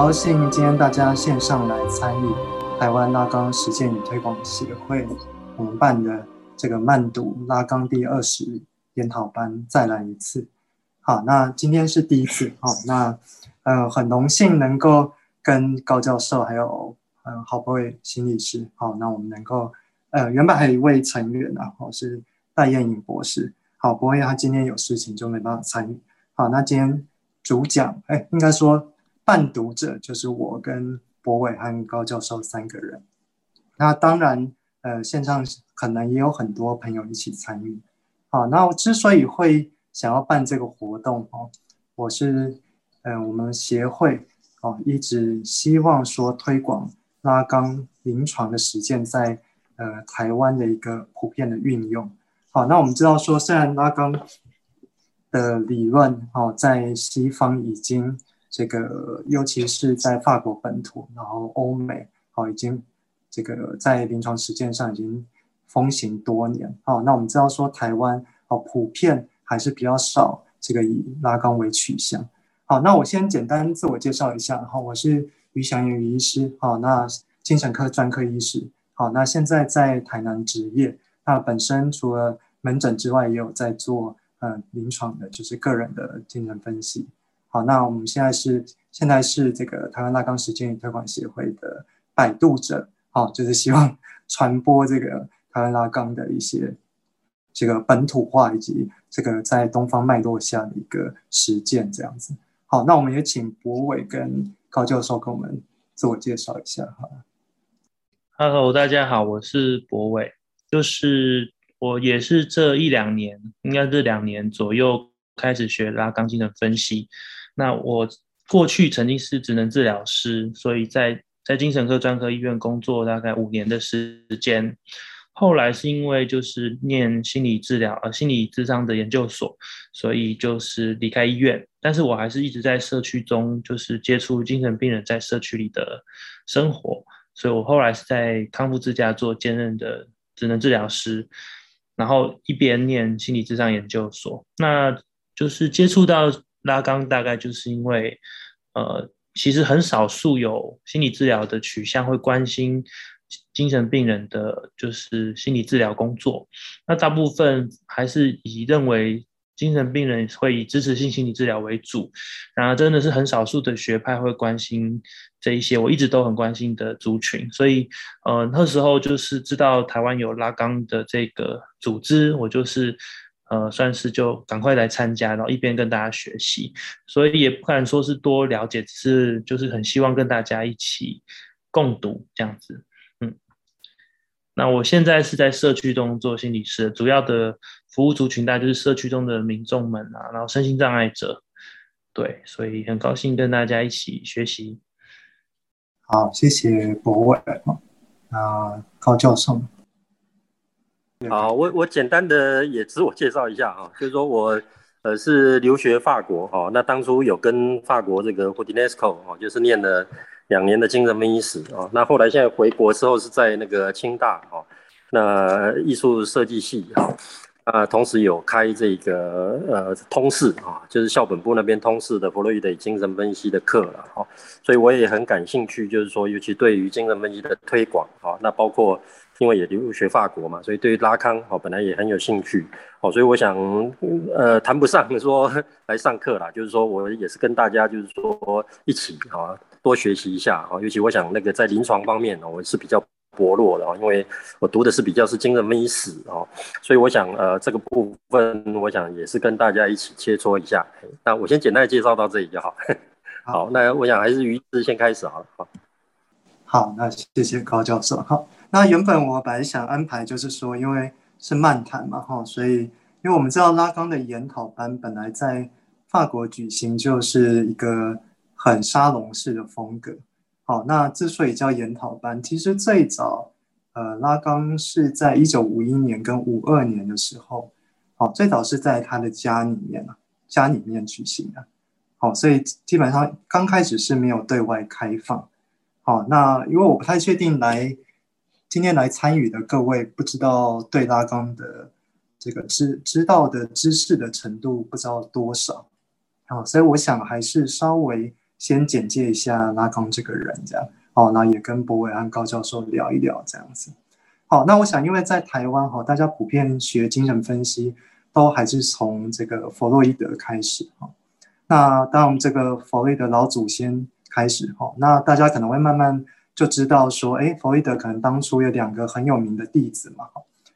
高興今天大家線上來參與台灣拉岡實踐與推廣協會我們辦的這個慢讀拉岡第二十研討班，再來一次，好，那今天是第一次，好、 哦，那呃很榮幸能夠跟高教授還有嗯郝柏瑋心理師，好，那我們能夠呃原本還有一位成員呢、啊，我是賴彥穎博士，郝柏瑋他今天有事情就沒辦法參與，好，那今天主講，哎，應該說。伴讀者就是我跟柏瑋和高教授三個人，那當然，呃，線上可能也有很多朋友一起參與。好，那我之所以會想要辦這個活動哦，我是，呃，我們協會哦，一直希望說推廣拉岡臨床的實踐在呃台灣的一個普遍的運用。好，那我們知道說，雖然拉岡的理論哦，在西方已經。這個，尤其是在法國本土，然後歐美，好，已經這個在臨床實踐上已經風行多年。好，那我們知道說台灣，好，普遍還是比較少這個以拉岡為取向。好，那我先簡單自我介紹一下，然後我是俞翔元醫師，好，那精神科專科醫師，好，那現在在台南執業。那本身除了門診之外，也有在做呃臨床的，就是個人的精神分析。好，那我們現在是現在是這個台灣拉岡實踐與推廣協會的擺渡者，好、哦，就是希望傳播這個台灣拉岡的一些這個本土化以及這個在東方脈絡下的一個實踐，這樣子。好，那我們也請博偉跟高教授給我們自我介紹一下，Hello，大家好，我是博偉，就是我也是這一兩年，應該是這兩年左右開始學拉岡精神分析。那我過去曾經是職能治療師，所以在在精神科專科醫院工作大概五年的時間。後來是因為就是念心理治療呃、啊、心理諮商的研究所，所以就是離開醫院，但是我還是一直在社區中就是接觸精神病人在社區裡的生活，所以我後來是在康復之家做兼任的職能治療師，然後一邊念心理諮商研究所，那就是接觸到。拉岡大概就是因為，呃，其實很少數有心理治療的取向會關心精神病人的就是心理治療工作，那大部分還是以認為精神病人會以支持性心理治療為主，然後真的是很少數的學派會關心這一些，我一直都很關心的族群，所以，呃，那時候就是知道台灣有拉岡的這個組織，我就是。呃，算是就趕快來參加，然後一邊跟大家學習，所以也不敢說是多了解，只是就是很希望跟大家一起共讀這樣子。嗯，那我現在是在社區中做心理師，主要的服務族群，大家就是社區中的民眾們啊，然後身心障礙者，對，所以很高興跟大家一起學習。好，謝謝柏瑋，啊、呃，高教授。好，我我簡單的也自我介紹一下哈，就是說我呃是留學法國哦，那當初有跟法國這個 Roudinesco 就是念了兩年的精神分析史啊，那後來現在回國之後是在那個清大哦，那藝術設計系啊，呃同時有開這個呃通識啊，就是校本部那邊通識的弗洛伊德精神分析的課了，所以我也很感興趣，就是說尤其對於精神分析的推廣哈，那包括。因為也留學法國嘛，所以對於拉岡哦本來也很有興趣哦，所以我想呃談不上說來上課啦，就是說我也是跟大家就是說一起啊、哦、多學習一下啊、哦，尤其我想那個在臨床方面、哦、我是比較薄弱的、哦，因為我讀的是比較是精神分析史哦，所以我想呃這個部分我想也是跟大家一起切磋一下。那我先簡單介紹到這裡就好。好，好，那我想還是俞師先開始好了。好，好，那謝謝高教授。好。那原本我本來想安排，就是說，因為是漫談嘛，哈，所以，因為我們知道拉岡的研討班本來在法國舉行，就是一個很沙龍式的風格。好，那之所以叫研討班，其實最早，呃，拉岡是在一九五一年跟五二年的時候，好，最早是在他的家裡面啊，家裡面舉行的。好，所以基本上剛開始是沒有對外開放。好，那因為我不太確定來。今天來參與的各位，不知道對拉岡的這個知知道的知識的程度不知道多少、哦，所以我想還是稍微先簡介一下拉岡這個人，這樣哦，那也跟柏瑋安高教授聊一聊這樣子。好、哦，那我想，因為在台灣哈、哦，大家普遍學精神分析都還是從這個弗洛伊德開始哈、哦，那從這個弗洛伊德老祖先開始哈、哦，那大家可能會慢慢。就知道說，哎，弗洛伊德可能當初有兩個很有名的弟子嘛，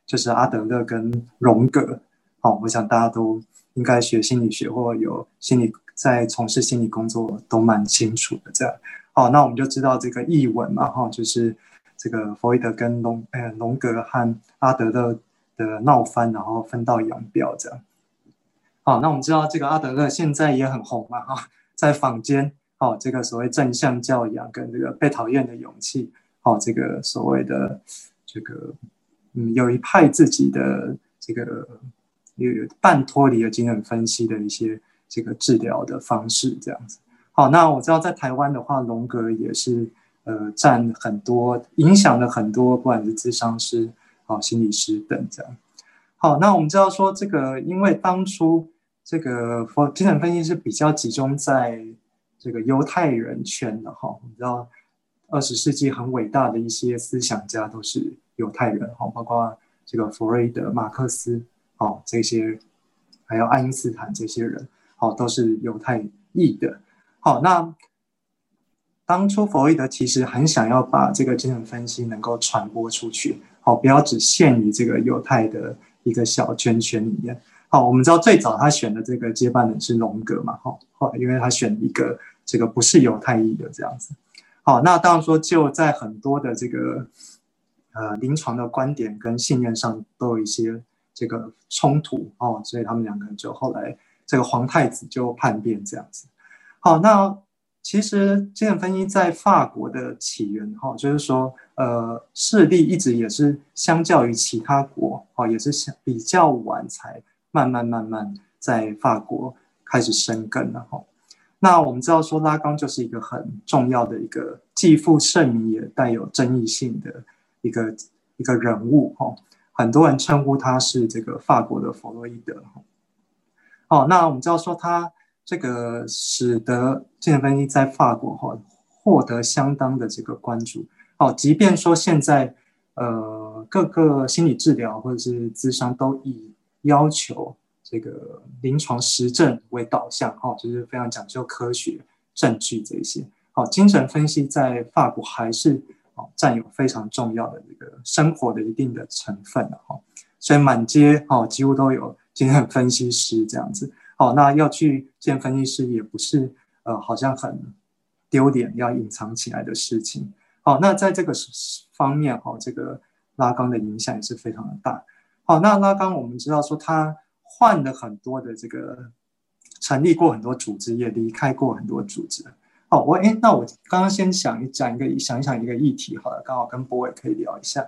就是阿德勒跟榮格。好、哦，我想大家都應該學心理學或有心理在從事心理工作都蠻清楚的這樣。好、哦，那我們就知道這個軼聞嘛，哈、哦，就是這個弗洛伊德跟榮，哎，榮格和阿德勒的鬧翻，然後分道揚鑣這樣。好、哦，那我們知道這個阿德勒現在也很紅嘛，哈、哦，在坊間。哦，這個所謂正向教養跟這個被討厭的勇氣，哦，這個所謂的這個嗯，有一派自己的這個有半脫離的精神分析的一些這個治療的方式，這樣子。好，那我知道在台灣的話，榮格也是呃佔很多影響了很多，不管是諮商師、哦心理師等這樣。好，那我們知道說這個，因為當初這個佛精神分析是比較集中在。這個猶太人圈的哈，我們知道二十世紀很偉大的一些思想家都是猶太人哈，包括這個弗瑞德、馬克思哦這些，還有愛因斯坦這些人哦都是猶太裔的。好，那當初弗洛伊德其實很想要把這個精神分析能夠傳播出去，好不要只限於這個猶太的一個小圈圈裡面。好，我們知道最早他選的這個接班人是榮格嘛，好後來因為他選一個。這個不是猶太裔的這樣子，好，那當然說就在很多的這個呃臨床的觀點跟信念上都有一些這個衝突哦，所以他們兩個人就後來這個皇太子就叛變這樣子，好，那其實精神分析在法國的起源哈、哦，就是說呃勢力一直也是相較於其他國哦，也是相比較晚才慢慢慢慢在法國開始生根了哈。哦那我們知道說拉岡就是一個很重要的一個既富盛名也帶有爭議性的一個一個人物哦，很多人稱呼他是這個法國的弗洛伊德哦，那我們知道說他這個使得精神分析在法國哈、哦、獲得相當的這個關注。哦，即便說現在呃各個心理治療或者是諮商都已要求。這個臨床實證為導向，哈，就是非常講究科學證據這一些。好，精神分析在法國還是哦，佔有非常重要的這個生活的一定的成分的哈，所以滿街哦幾乎都有精神分析師這樣子。哦，那要去見分析師也不是呃好像很丟臉要隱藏起來的事情。哦，那在這個方面哈，這個拉岡的影響也是非常的大。好，那拉岡我們知道說他。換了很多的這個，成立過很多組織，也離開過很多組織。哦，我哎，那我剛剛先想一講一個，想一想一個議題，好了，剛好跟柏瑋可以聊一下。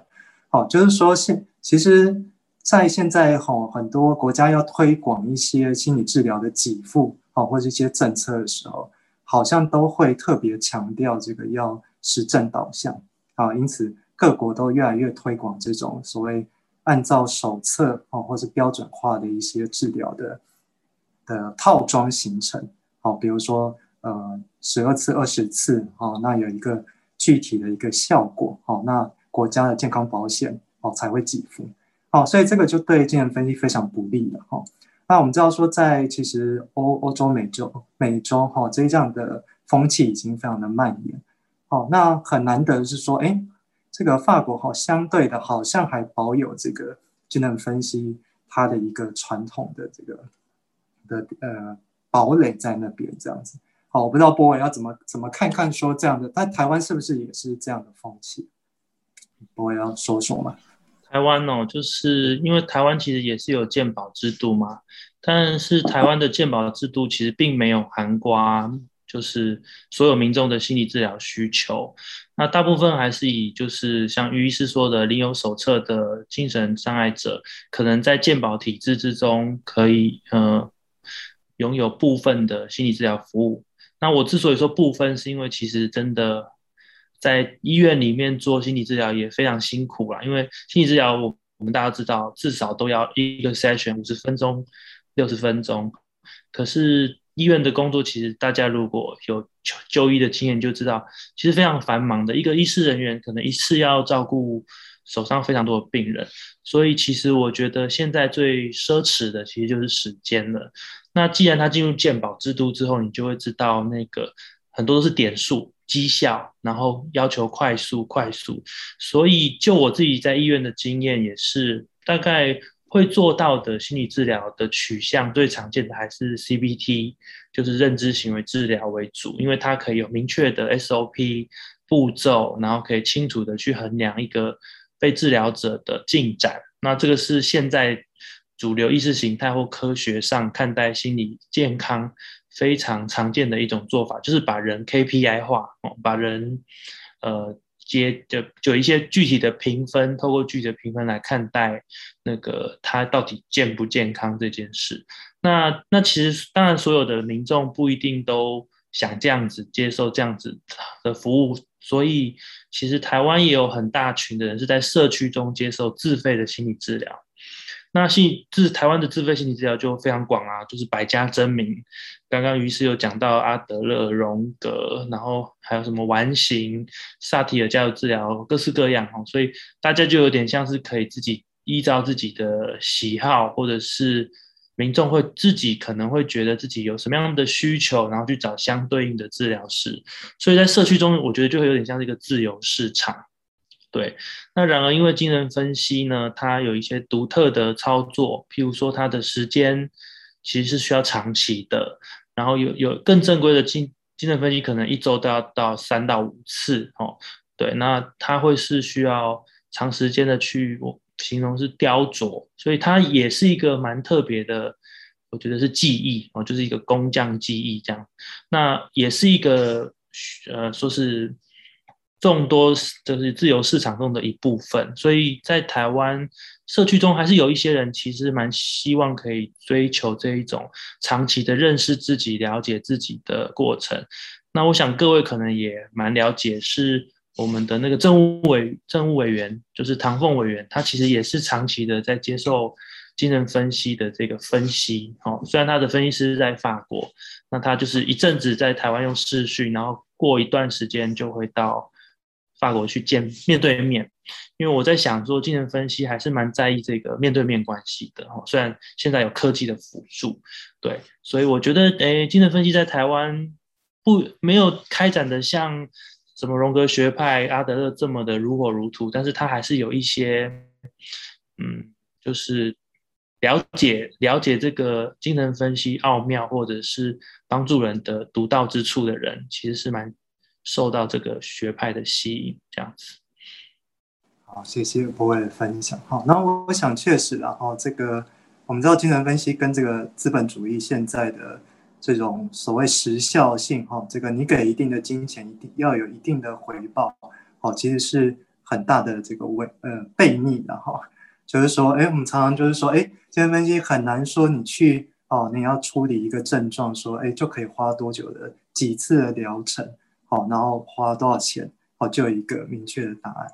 好、哦，就是說現其實在現在吼、哦，很多國家要推廣一些心理治療的給付，好、哦、或者一些政策的時候，好像都會特別強調這個要實證導向啊、哦，因此各國都越來越推廣這種所謂。按照手冊哦，或是標準化的一些治療的的套裝形成哦，比如說呃，十二次、二十次哦，那有一個具體的一個效果哦，那國家的健康保險哦才會給付哦，所以這個就對精神分析非常不利了哈、哦。那我們知道說，在其實歐歐洲、美洲、美洲哈、哦，這樣的風氣已經非常的蔓延哦，那很難得是說哎。欸這個法國好相對的，好像還保有這個精神分析它的一個傳統的這個的呃堡壘在那邊這樣子。好，我不知道柏瑋要怎麼怎麼看看說這樣的，但台灣是不是也是這樣的風氣？柏瑋要說說嘛？台灣哦，就是因為台灣其實也是有健保制度嘛，但是台灣的健保制度其實並沒有涵蓋。就是所有民眾的心理治療需求，那大部分還是以就是像俞醫師說的領有手冊的精神障礙者，可能在健保體制之中可以呃擁有部分的心理治療服務。那我之所以說部分，是因為其實真的在醫院裡面做心理治療也非常辛苦啦，因為心理治療我我們大家知道，至少都要一個 session 五十分鐘、六十分鐘，可是。醫院的工作其實，大家如果有就醫的經驗就知道，其實非常繁忙的。一個醫師人員可能一次要照顧手上非常多的病人，所以其實我覺得現在最奢侈的其實就是時間了。那既然他進入健保制度之後，你就會知道那個很多都是點數、績效，然後要求快速、快速。所以就我自己在醫院的經驗也是大概。會做到的心理治療的取向最常見的還是 CBT，就是認知行為治療為主，因為它可以有明確的 SOP 步驟，然後可以清楚的去衡量一個被治療者的進展。那這個是現在主流意識形態或科學上看待心理健康非常常見的一種做法，就是把人 KPI 化，把人，呃。接就有一些具體的評分，透過具體的評分來看待那個他到底健不健康這件事。那那其實當然，所有的民眾不一定都想這樣子接受這樣子的服務，所以其實台灣也有很大群的人是在社區中接受自費的心理治療。那心自台灣的自費心理治療就非常廣啊，就是百家爭鳴。剛剛俞師有講到阿德勒、榮格，然後還有什麼完形、薩提爾家庭治療，各式各樣哈。所以大家就有點像是可以自己依照自己的喜好，或者是民眾會自己可能會覺得自己有什麼樣的需求，然後去找相對應的治療師。所以在社區中，我覺得就會有點像是一個自由市場。對，那然而因為精神分析呢，它有一些獨特的操作，譬如說它的時間其實是需要長期的，然後有有更正規的精精神分析，可能一周都要到三到五次哦。對，那它會是需要長時間的去，我形容是雕琢，所以它也是一個蠻特別的，我覺得是技藝哦，就是一個工匠技藝這樣。那也是一個呃，說是。眾多就是自由市場中的一部分，所以在台灣社區中，還是有一些人其實蠻希望可以追求這一種長期的認識自己、了解自己的過程。那我想各位可能也蠻了解，是我們的那個政務委、政務委員，就是唐鳳委員，他其實也是長期的在接受精神分析的這個分析。哦，雖然他的分析師在法國，那他就是一陣子在台灣用視訊，然後過一段時間就會到。法國去見面對面，因為我在想說精神分析還是蠻在意這個面對面關係的哈。雖然現在有科技的輔助，對，所以我覺得，哎，精神分析在台灣不沒有開展的像什麼榮格學派、阿德勒這麼的如火如荼，但是它還是有一些，嗯，就是了解了解這個精神分析奧妙，或者是幫助人的獨到之處的人，其實是蠻。受到這個學派的吸引，這樣子。好，謝謝柏瑋的分享。好、哦，那我想確實然後、哦、這個我們知道精神分析跟這個資本主義現在的這種所謂時效性哈、哦，這個你給一定的金錢，一定要有一定的回報，哦，其實是很大的這個違呃悖逆的哈、哦。就是說，哎，我們常常就是說，哎，精神分析很難說你去哦，你要處理一個症狀，說哎就可以花多久的幾次的療程。哦，然後花多少錢，哦，就有一個明確的答案。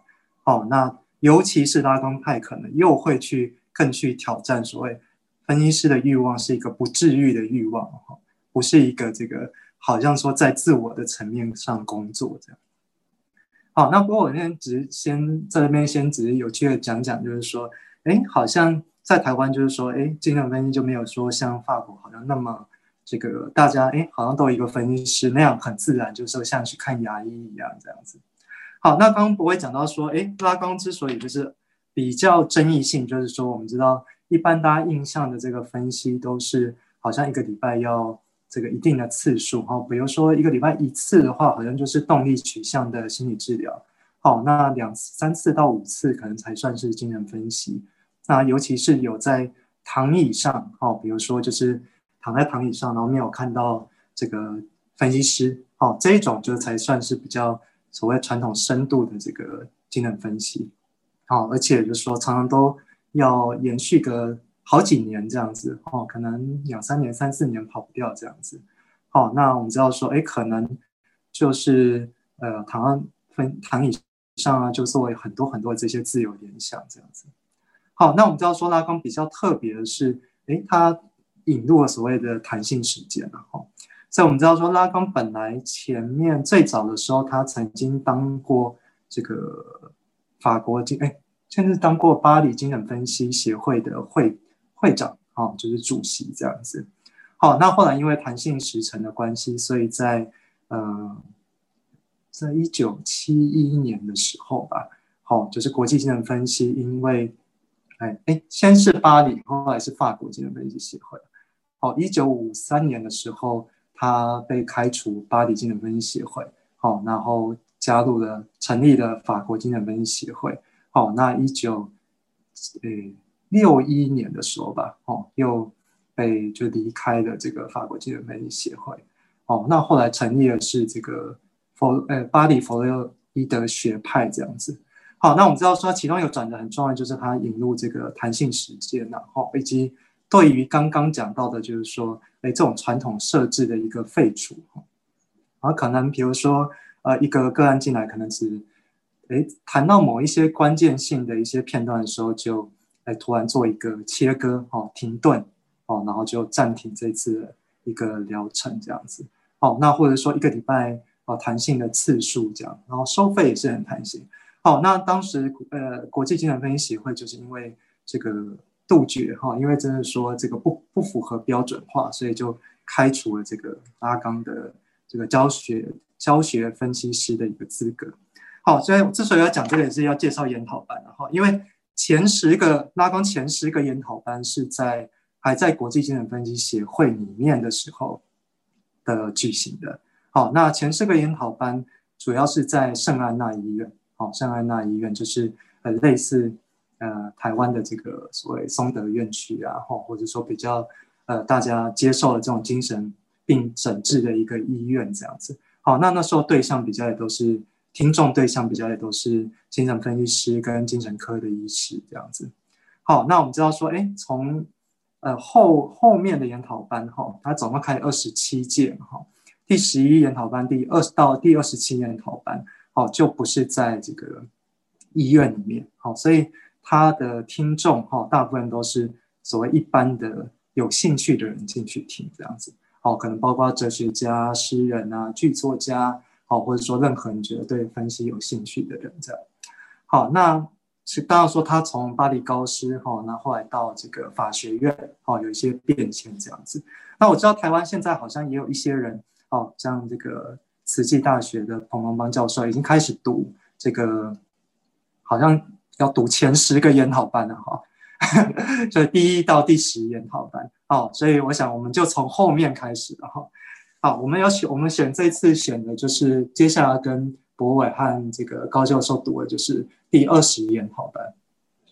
哦，那尤其是拉康派，可能又會去更去挑戰所謂分析師的慾望是一個不治癒的慾望，哦，不是一個這個好像說在自我的層面上工作這樣。好，哦，那不過我現在只是先在這邊先只是有趣的講講，就是說，哎，好像在台灣就是說，哎，精神分析就沒有說像法國好像那麼。這個大家哎、欸，好像都有一個分析師那樣很自然，就是像去看牙醫一樣這樣子。好，那剛剛柏瑋講到說，哎、欸，拉岡之所以就是比較爭議性，就是說我們知道一般大家印象的這個分析都是好像一個禮拜要這個一定的次數哦，比如說一個禮拜一次的話，好像就是動力取向的心理治療。好，那兩次三次到五次可能才算是精神分析。那尤其是有在躺椅上，好，比如說就是。躺在躺椅上，然後沒有看到這個分析師哦，這一種就才算是比較所謂傳統深度的這個精神分析、哦、而且就是說常常都要延續個好幾年這樣子哦，可能兩三年、三四年跑不掉這樣子。好、哦，那我們知道說，誒可能就是呃，躺在躺椅上啊，就是、有很多很多這些自由聯想這樣子。好、哦，那我們知道說，拉康比較特別的是，哎，他。引入了所謂的彈性時間了哈，所以我們知道說拉康本來前面最早的時候，他曾經當過這個法國精哎，甚、欸、至當過巴黎精神分析協會的會會長啊、喔，就是主席這樣子。好、喔，那後來因為彈性時程的關係，所以在呃，在一九七一年的時候吧，好、喔，就是國際精神分析，因為哎哎、欸欸，先是巴黎，後來是法國精神分析協會。哦，一九五三年的時候，他被開除巴黎精神分析協會。哦，然後加入了成立的法國精神分析協會。哦，那一九誒六一年的時候吧，哦，又被就離開了這個法國精神分析協會。哦，那後來成立的是這個佛誒、欸、巴黎佛洛伊德學派這樣子。好、哦，那我們知道說，其中有轉折很重要就是他引入這個彈性時間、啊，然、哦、後以及。對於剛剛講到的，就是說，哎，這種傳統設置的一個廢除，啊，可能比如說，呃，一個個案進來，可能是哎，談到某一些關鍵性的一些片段的時候，就，哎，突然做一個切割，哈、哦，停頓，哦，然後就暫停這一次一個療程這樣子，哦，那或者說一個禮拜，哦、呃，彈性的次數這樣，然後收費也是很彈性，哦，那當時，呃，國際精神分析協會就是因為這個。杜絕哈，因為真的說這個不不符合標準化，所以就開除了這個拉岡的這個教學教學分析師的一個資格。好、哦，所以之所以要講這個，也是要介紹研討班的哈，因為前十個拉岡前十個研討班是在還在國際精神分析協會裡面的時候的舉行的。好、哦，那前十個研討班主要是在聖安娜醫院。好、哦，聖安娜醫院就是呃類似。呃，台灣的這個所謂松德院區啊，或或者說比較呃，大家接受了這種精神病診治的一個醫院這樣子。好，那那時候對象比較也都是聽眾，對象比較也都是精神分析師跟精神科的醫師這樣子。好，那我們知道說，哎、欸，從呃後後面的研討班哈、哦，它總共開二十七屆哈、哦，第十一研討班、第二十到第二十七研討班，哦，就不是在這個醫院裡面，好、哦，所以，他的聽眾哈、哦，大部分都是所謂一般的有興趣的人進去聽這樣子，哦，可能包括哲學家、詩人啊、劇作家，好、哦，或者說任何人覺得對分析有興趣的人這樣。好，那是當然說他從巴黎高師哈，那、哦、後來到這個法學院，好、哦，有一些變遷這樣子。那我知道台灣現在好像也有一些人哦，像這個慈濟大學的彭榮邦教授已經開始讀這個，好像。要讀前十個研討班了哈，所以第一到第十研討班哦，所以我想我們就從後面開始哈。好、哦，我們要選，我們選這次選的就是接下來跟柏瑋和這個高教授讀的就是第二十研討班。嗯、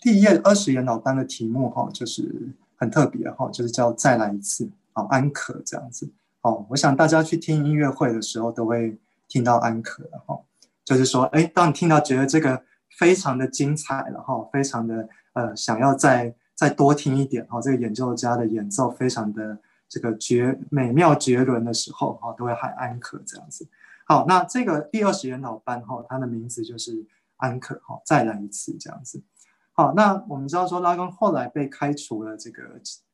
第二二十研討班的題目哈、哦，就是很特別哈、哦，就是叫再來一次啊，安可，哦，這樣子。哦，我想大家去聽音樂會的時候都會聽到安可的哈，就是說，哎，當你聽到覺得這個。非常的精彩，然後非常的呃，想要再再多聽一點哦，這個演奏家的演奏非常的這個絕美妙絕倫的時候哈、哦，都會喊安可這樣子。好，那這個第二十研討班哈、哦，他的名字就是安可哈、哦，再來一次這樣子。好，那我們知道說拉岡後來被開除了這個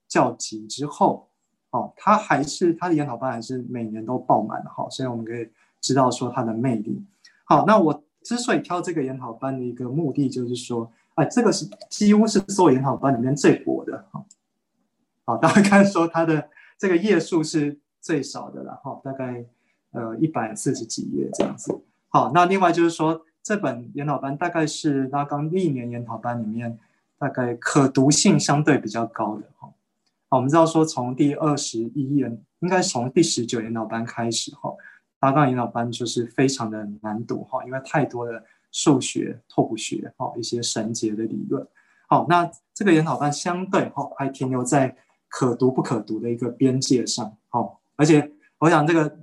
教籍之後，哦，他還是他的研討班還是每年都爆滿哈、哦，所以我們可以知道說他的魅力。好，那我。之所以挑這個研討班的一個目的，就是說，啊、哎、這個是幾乎是所有研討班裡面最薄的哈。好、哦啊，大概說它的這個頁數是最少的了哈、哦，大概呃一百四十幾頁這樣子。好，那另外就是說，這本研討班大概是拉岡歷年研討班裡面大概可讀性相對比較高的哈、哦啊。我們知道說從第二十一頁，應該從第十九研討班開始哈。哦八、啊、槓研討班就是非常的難讀哈，因為太多的數學拓撲學哈，一些繩結的理論。好，那這個研討班相對哈還停留在可讀不可讀的一個邊界上哈，而且我想這個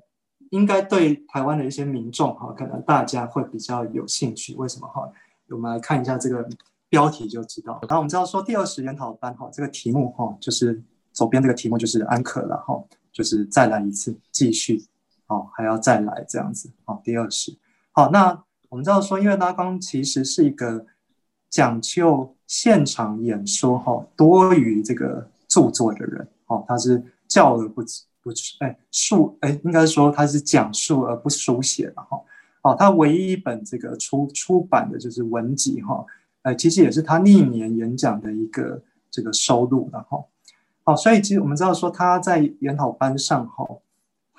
應該對台灣的一些民眾哈，可能大家會比較有興趣。為什麼哈？我們來看一下這個標題就知道。然後我們知道說第二十研討班哈，這個題目哈，就是左邊這個題目就是安可了哈，就是再來一次，繼續。哦，還要再來這樣子。好、哦，第二十，好，那我們知道說，因為拉岡其實是一個講究現場演說哈、哦，多於這個著作的人。哦，他是教而不不哎述哎，應該說他是講述而不書寫的哈。好、哦哦，他唯一一本這個出出版的就是文集哈。哎、哦呃，其實也是他歷年演講的一個這個收錄。的、嗯、哈。好、哦，所以其實我們知道說他在研討班上哈。哦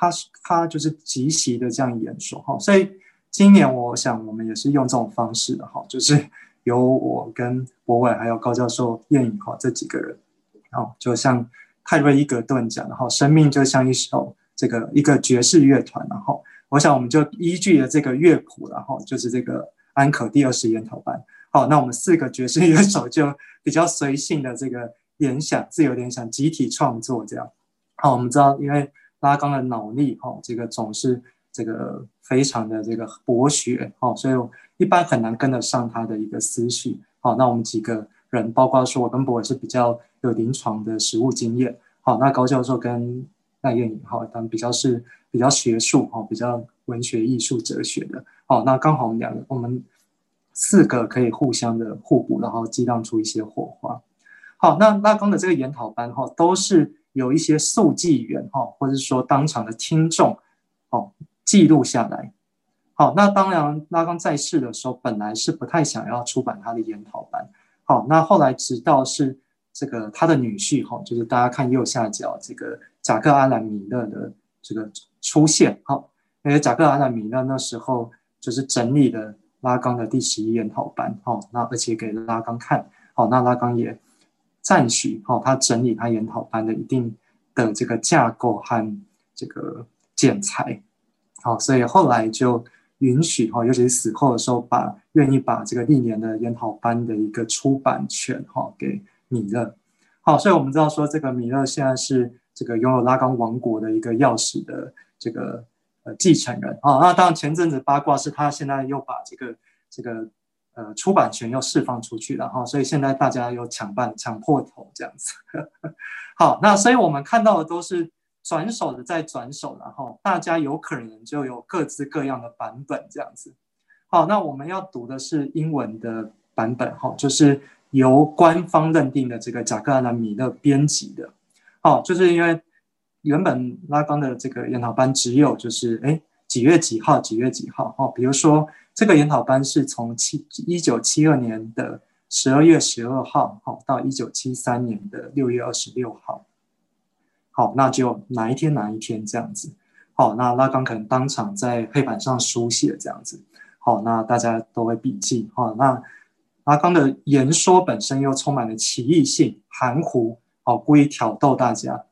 他他就是即席的這樣演說哈，所以今年我想我們也是用這種方式的哈，就是由我跟柏瑋還有高教授、彥穎哈這幾個人，就像泰瑞·伊格頓講的哈，生命就像一首這個一個爵士樂團，然後我想我們就依據了這個樂譜，然後就是這個安可第二十研討班，好，那我們四個爵士樂手就比較隨性的這個聯想，自由聯想，集體創作這樣，好，我們知道因為。拉岡的腦力哈、哦，這個總是這個非常的這個博學哈、哦，所以一般很難跟得上他的一個思緒哈、哦。那我們幾個人，包括說我跟柏瑋是比較有臨床的實務經驗哈、哦。那高教授跟賴彥穎哈、哦，他們比較是比較學術哈、哦，比較文學、藝術、哲學的哈、哦。那剛好我們兩個，我們四個可以互相的互補，然後激盪出一些火花。好，那拉岡的這個研討班哈、哦，都是。有一些速記員哈，或者說當場的聽眾哦，記錄下來。好，那當然拉岡在世的時候，本來是不太想要出版他的研討班。好，那後來直到是這個他的女婿哈，就是大家看右下角這個賈克·阿蘭·米勒的這個出現。好，因為賈克·阿蘭·米勒那時候就是整理了拉岡的第十一研討班。好，那而且給拉岡看。好，那拉剛也。贊許哈、哦，他整理他研討班的一定的這個架構和這個剪裁。好、哦，所以後來就允許哈、哦，尤其是死後的時候把，把願意把這個歷年的研討班的一個出版權哈、哦、給米勒，好、哦，所以我們知道說，這個米勒現在是這個擁有拉岡王國的一個鑰匙的這個呃繼承人啊、哦，那當然前陣子八卦是他現在又把這個這個。呃，出版權又釋放出去了，然後，所以現在大家又搶辦、搶破頭這樣子呵呵。好，那所以我們看到的都是轉手的再轉手，然後大家有可能就有各自各樣的版本這樣子。好，那我們要讀的是英文的版本，哈，就是由官方認定的這個賈克蘭米勒編輯的。好，就是因為原本拉岡的這個研討班只有就是哎、欸、幾月幾號，幾月幾號，哦，比如說。這個研討班是從七一九七二年的十二月十二號，到一九七三年的六月二十六號，好，那就哪一天哪一天這樣子，好，那拉岡可能當場在黑板上書寫這樣子，好，那大家都會筆記，好，那拉岡的言說本身又充滿了歧義性、含糊，好，故意挑逗大家，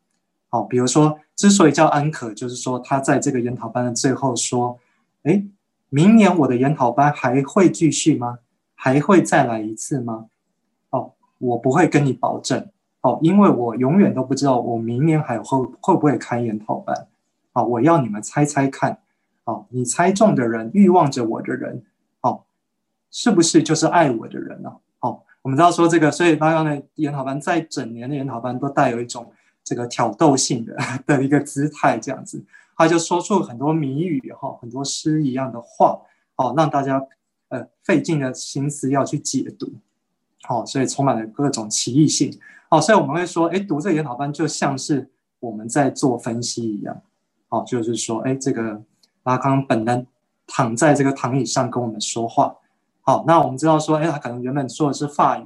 好，比如說，之所以叫安可，就是說他在這個研討班的最後說，哎。明年我的研討班還會繼續嗎？還會再來一次嗎？哦，我不會跟你保證哦，因為我永遠都不知道我明年還會會不會開研討班。哦，我要你們猜猜看。哦，你猜中的人，欲望着我的人，哦，是不是就是愛我的人呢、啊？哦，我們知道說這個，所以剛剛的研討班在整年的研討班都帶有一種這個挑逗性的的一個姿態，這樣子。他就說出很多謎語哈，很多詩一樣的話哦，讓大家呃費盡了心思要去解讀，好、哦，所以充滿了各種歧義性哦。所以我們會說，哎，讀這個研討班就像是我們在做分析一樣，好、哦，就是說，哎，這個拉康本人躺在這個躺椅上跟我們說話，好、哦，那我們知道說，哎，他可能原本說的是法語，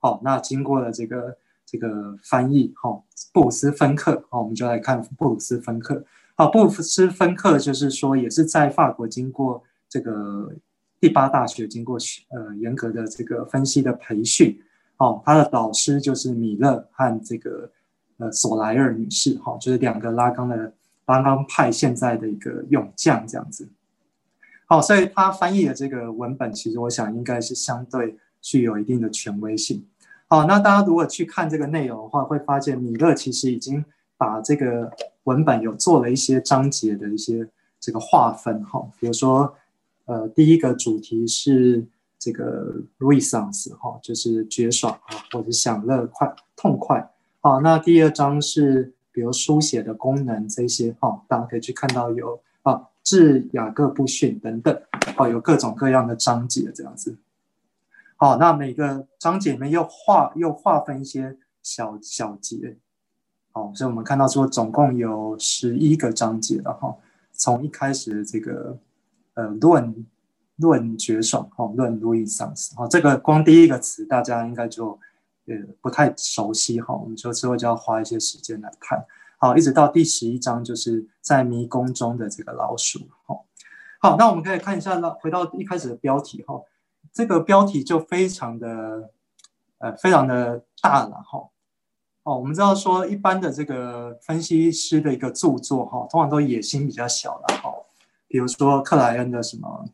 好、哦，那經過了這個這個翻譯哈、哦，布魯斯芬克，好、哦，我們就來看布魯斯芬克。好，布魯斯芬克就是說，也是在法國經過這個第八大學經過學呃嚴格的這個分析的培訓。好、哦，他的導師就是米勒和這個呃索萊爾女士，哈、哦，就是兩個拉岡的拉岡派現在的一個勇將這樣子。好，所以他翻譯的這個文本，其實我想應該是相對具有一定的權威性。好，那大家如果去看這個內容的話，會發現米勒其實已經把這個。文本有做了一些章節的一些這個劃分哈、哦，比如說，呃，第一個主題是這個 jouissance 哈，就是覺爽啊、哦、或者享樂快痛快啊、哦。那第二章是比如書寫的功能這些哈、哦，大家可以去看到有啊致雅各布遜等等哦，有各種各樣的章節這樣子。好、哦，那每個章節裡面又劃又劃分一些小小節。好，所以我們看到說總共有十一個章節了哈。從一開始的這個呃，論論絕爽哈，論路易桑斯哈，這個光第一個詞大家應該就呃不太熟悉哈、哦。我們就之後就要花一些時間來看。好，一直到第十一章，就是在迷宮中的這個老鼠哈、哦。好，那我們可以看一下回到一開始的標題哈、哦，這個標題就非常的呃，非常的大了哈。哦哦，我們知道說一般的這個分析師的一個著作哈、哦，通常都野心比較小的哈、哦，比如說克萊恩的什麼，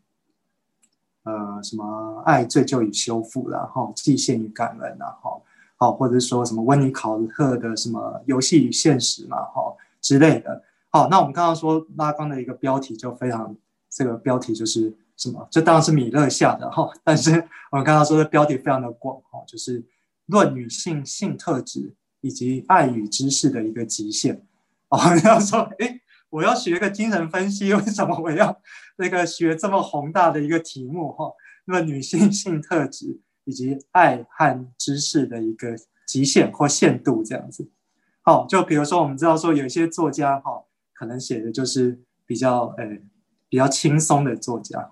呃，什麼愛、罪疚與修復然後嫉羨與感恩了哈，好、哦，或者說什麼溫尼考特的什麼遊戲與現實嘛哈、哦、之類的。好、哦，那我們剛剛說拉康的一個標題就非常，這個標題就是什麼，這當然是米勒下的哈、哦，但是我們剛剛說的標題非常的廣哈、哦，就是論女性性特質。以及愛與知識的一個極限哦，你 要說，哎，我要學個精神分析，為什麼我要那個學這麼宏大的一個題目哈、哦？那麼女性性特質以及愛和知識的一個極限或限度這樣子，哦，就比如說我們知道說有一些作家哈、哦，可能寫的就是比較呃比較輕鬆的作家哈，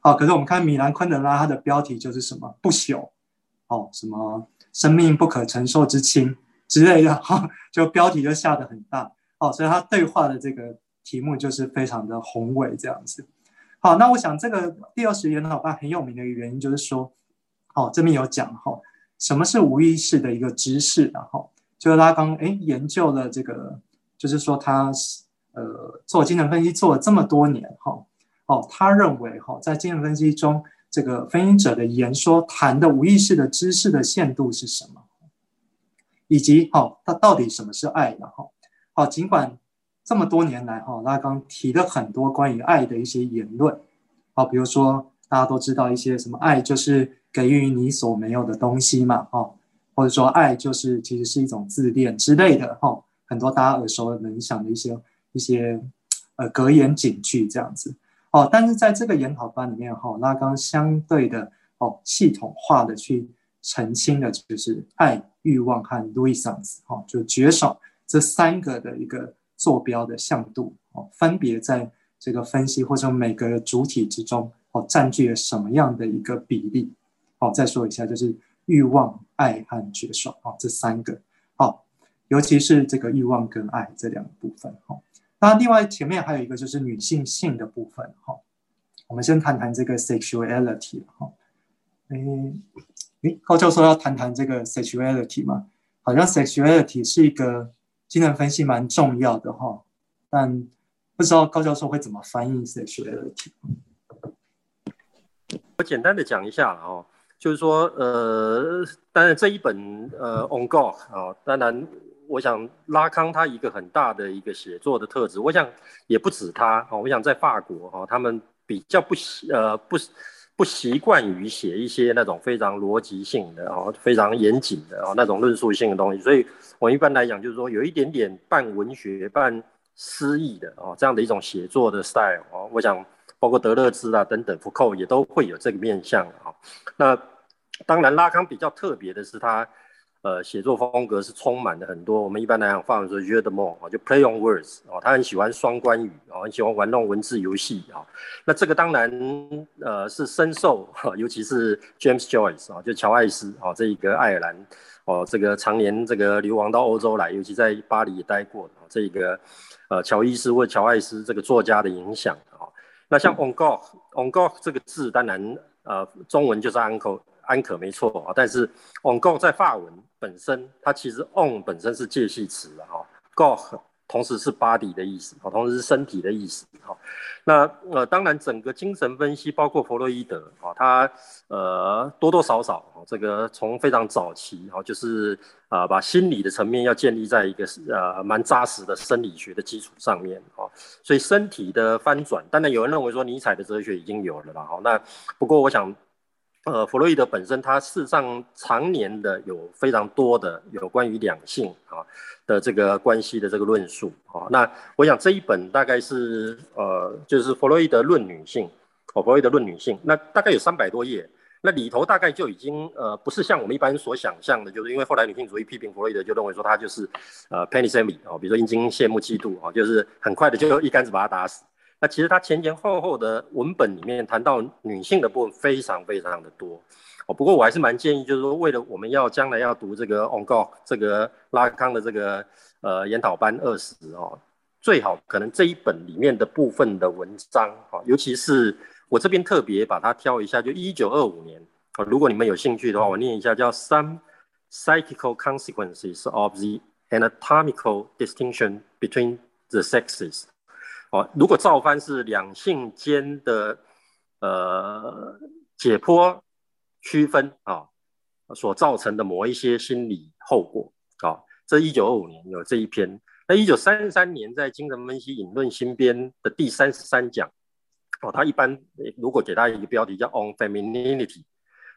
好、哦哦，可是我們看米蘭昆德拉，他的標題就是什麼不朽哦，什麼生命不可承受之輕。之類的哈，就標題就下得很大，哦，所以他對話的這個題目就是非常的宏偉這樣子。好，那我想這個第二十研討班很有名的一個原因就是說，哦，這邊有講哈，什麼是無意識的一個知識，然後就是拉剛哎研究了這個，就是說他呃做精神分析做了這麼多年哈，哦，他認為哈，在精神分析中，這個分析者的言說談的無意識的知識的限度是什麼？以及哈，他、哦、到底什麼是愛的？然後，好，儘管這麼多年來哈、哦，拉岡提了很多關於愛的一些言論，好、哦，比如說大家都知道一些什麼，愛就是給予你所沒有的東西嘛，哈、哦，或者說愛就是其實是一種自戀之類的哈、哦，很多大家耳熟能詳的一些一些呃格言警句這樣子，哦，但是在這個研討班裡面哈、哦，拉岡相對的哦系統化的去澄清的就是愛、欲望和 jouissance，哈，就絕爽這三個的一個坐標的向度，哦，分別在這個分析或者每個主體之中，哦，占據了什麼樣的一個比例？好，再說一下，就是欲望、愛和絕爽哦，這三個，哦，尤其是這個欲望跟愛這兩個部分，哈。那另外前面還有一個就是女性性的部分，哈。我們先談談這個 sexuality，哈，高教授，要談談這個 sexuality 嗎？好像 sexuality 是一個精神分析蠻重要的哈，但不知道高教授會怎麼翻譯 sexuality？我簡單的講一下哦，就是說呃，當然這一本呃 On God 啊，當然我想拉康他一個很大的一個寫作的特質，我想也不止他哦，我想在法國哦，他們比較不喜呃不。不習慣於寫一些那種非常邏輯性的，非常嚴謹的，那種論述性的東西，所以我一般來講就是說有一點點半文學、半詩意的哦，這樣的一種寫作的 style，我想包括德勒茲啊等等，福柯也都會有這個面向啊。那當然，拉康比較特別的是他呃，寫作風格是充滿了很多。我們一般來講，法文說 jeu de mots 啊，就 *play on words* 他、哦、很喜歡雙關語、哦、很喜歡玩弄文字遊戲啊、哦。那這個當然，呃，是深受、哦，尤其是 James Joyce 啊、哦，就喬艾斯啊、哦，這一個愛爾蘭哦，這個常年這個流亡到歐洲來，尤其在巴黎也待過，這一個呃喬伊斯或喬艾斯這個作家的影響、哦、那像 Encore、嗯、Encore 這個字當然呃，中文就是安可安可沒錯啊，但是 Encore 在法文。本身，它其實 on 本身是介系詞了哈、哦。Go 同時是 body 的意思，哈，同時是身體的意思，好、哦、那呃，當然整個精神分析包括弗洛伊德，啊、哦，他呃多多少少，啊、哦，這個從非常早期，啊、哦，就是啊、呃、把心理的層面要建立在一個呃蠻扎實的生理學的基礎上面，啊、哦，所以身體的翻轉，當然有人認為說尼采的哲學已經有了啦，好、哦，那不過我想。呃，弗洛伊德本身，他事實上常年的有非常多的有關於兩性啊的這個關係的這個論述啊。那我想這一本大概是呃，就是弗洛伊德論女性，哦，弗洛伊德論女性，那大概有三百多頁，那裡頭大概就已經呃，不是像我們一般所想象的，就是因為後來女性主義批評弗洛伊德，就認為說他就是呃，penis envy 哦，比如說陰莖羨慕嫉妒哦，就是很快的就一竿子把他打死。那其實他前前後後的文本裡面談到女性的部分非常非常的多哦。不過我還是蠻建議，就是說為了我們要將來要讀這個 On God 這個拉康的這個呃研討班二十哦，最好可能這一本裡面的部分的文章哦，尤其是我這邊特別把它挑一下，就一九二五年哦，如果你們有興趣的話，我念一下，叫 Some Psychical Consequences of the Anatomical Distinction Between the Sexes。如果照翻是兩性間的呃解剖區分啊、哦，所造成的某一些心理後果啊、哦，這一九二五年有這一篇。那一九三三年在《精神分析引論新編》的第三十三講哦，他一般如果給他一個標題叫《On Femininity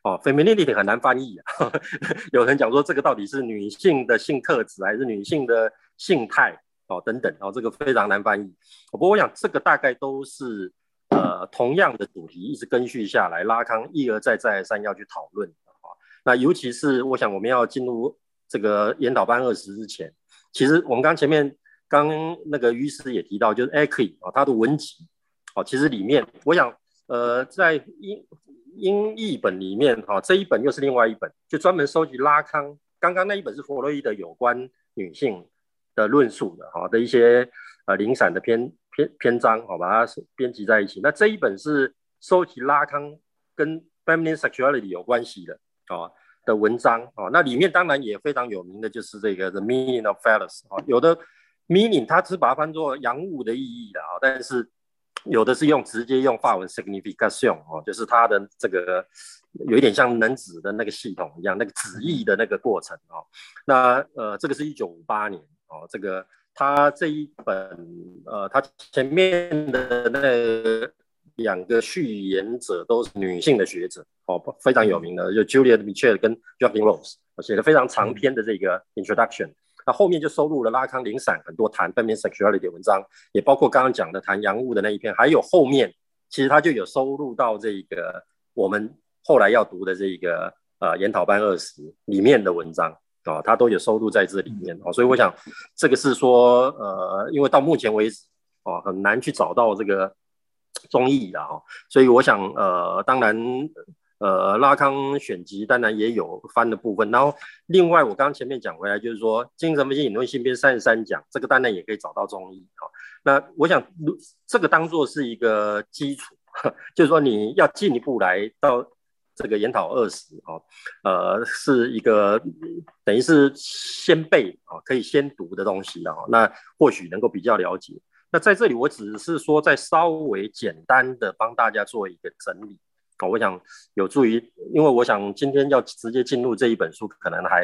哦》哦，Femininity 很難翻譯、啊， 有人講說這個到底是女性的性特質還是女性的性態？哦，等等，哦，這個非常難翻譯。哦、不過我想，這個大概都是呃同樣的主題，一直跟續下來。拉康一而再再三要去討論、哦。那尤其是我想，我們要進入這個研討班二十之前，其實我們剛前面剛那個俞師也提到，就是《Écrits》啊、哦，他的文集。好、哦，其實裡面我想，呃，在英英譯本裡面，哈、哦，這一本又是另外一本，就專門收集拉康。剛剛那一本是弗洛伊德有關女性。的論述的哈、哦、的一些呃零散的篇篇篇章，好、哦、把它編輯在一起。那這一本是收集拉康跟 feminine sexuality 有關係的啊、哦、的文章啊、哦。那裡面當然也非常有名的就是這個 the meaning of phallus 哈、哦，有的 meaning 它只把它翻作陽物的意義的啊、哦，但是有的是用直接用法文 signification 哦，就是它的這個有一點像能指的那個系統一樣，那個指義的那個過程哦。那呃這個是一九五八年。哦，這個他這一本，呃，他前面的那兩個序言者都是女性的學者，哦，非常有名的，就 Juliet Mitchell 跟 Jacqueline Rose，寫的非常長篇的這個 Introduction。那、啊、後面就收錄了拉康零散很多談 feminine sexuality 的文章，也包括剛剛講的談陽物的那一篇，還有後面其實他就有收錄到這個我們後來要讀的這個呃研討班二十裡面的文章。啊、哦，他都有收錄在這裡面哦，所以我想，這個是說，呃，因為到目前為止，哦，很難去找到這個中譯的哦，所以我想，呃，當然，呃，拉康選集當然也有翻的部分，然後另外我剛剛前面講回來就是說，精神分析引論新編三十三講，這個當然也可以找到中譯哦，那我想這個當做是一個基礎呵，就是說你要進一步來到。這個研討二十呃，是一個等於是先背啊、呃，可以先讀的東西、呃、那或許能夠比較了解。那在這裡我只是說，再稍微簡單的幫大家做一個整理、呃、我想有助於，因為我想今天要直接進入這一本書，可能還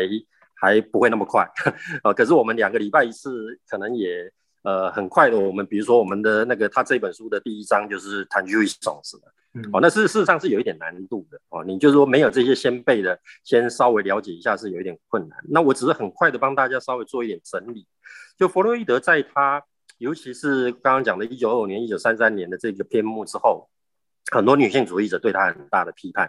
還不會那麼快呵呵、呃、可是我們兩個禮拜一次，可能也呃很快的。我們比如說我們的那個他這本書的第一章就是談宇總是什哦，那事事實上是有一點難度的哦。你就是說沒有這些先輩的，先稍微了解一下是有一點困難。那我只是很快的幫大家稍微做一點整理。就弗洛伊德在他，尤其是剛剛講的1925年、1933年的這個篇目之後，很多女性主義者對他很大的批判。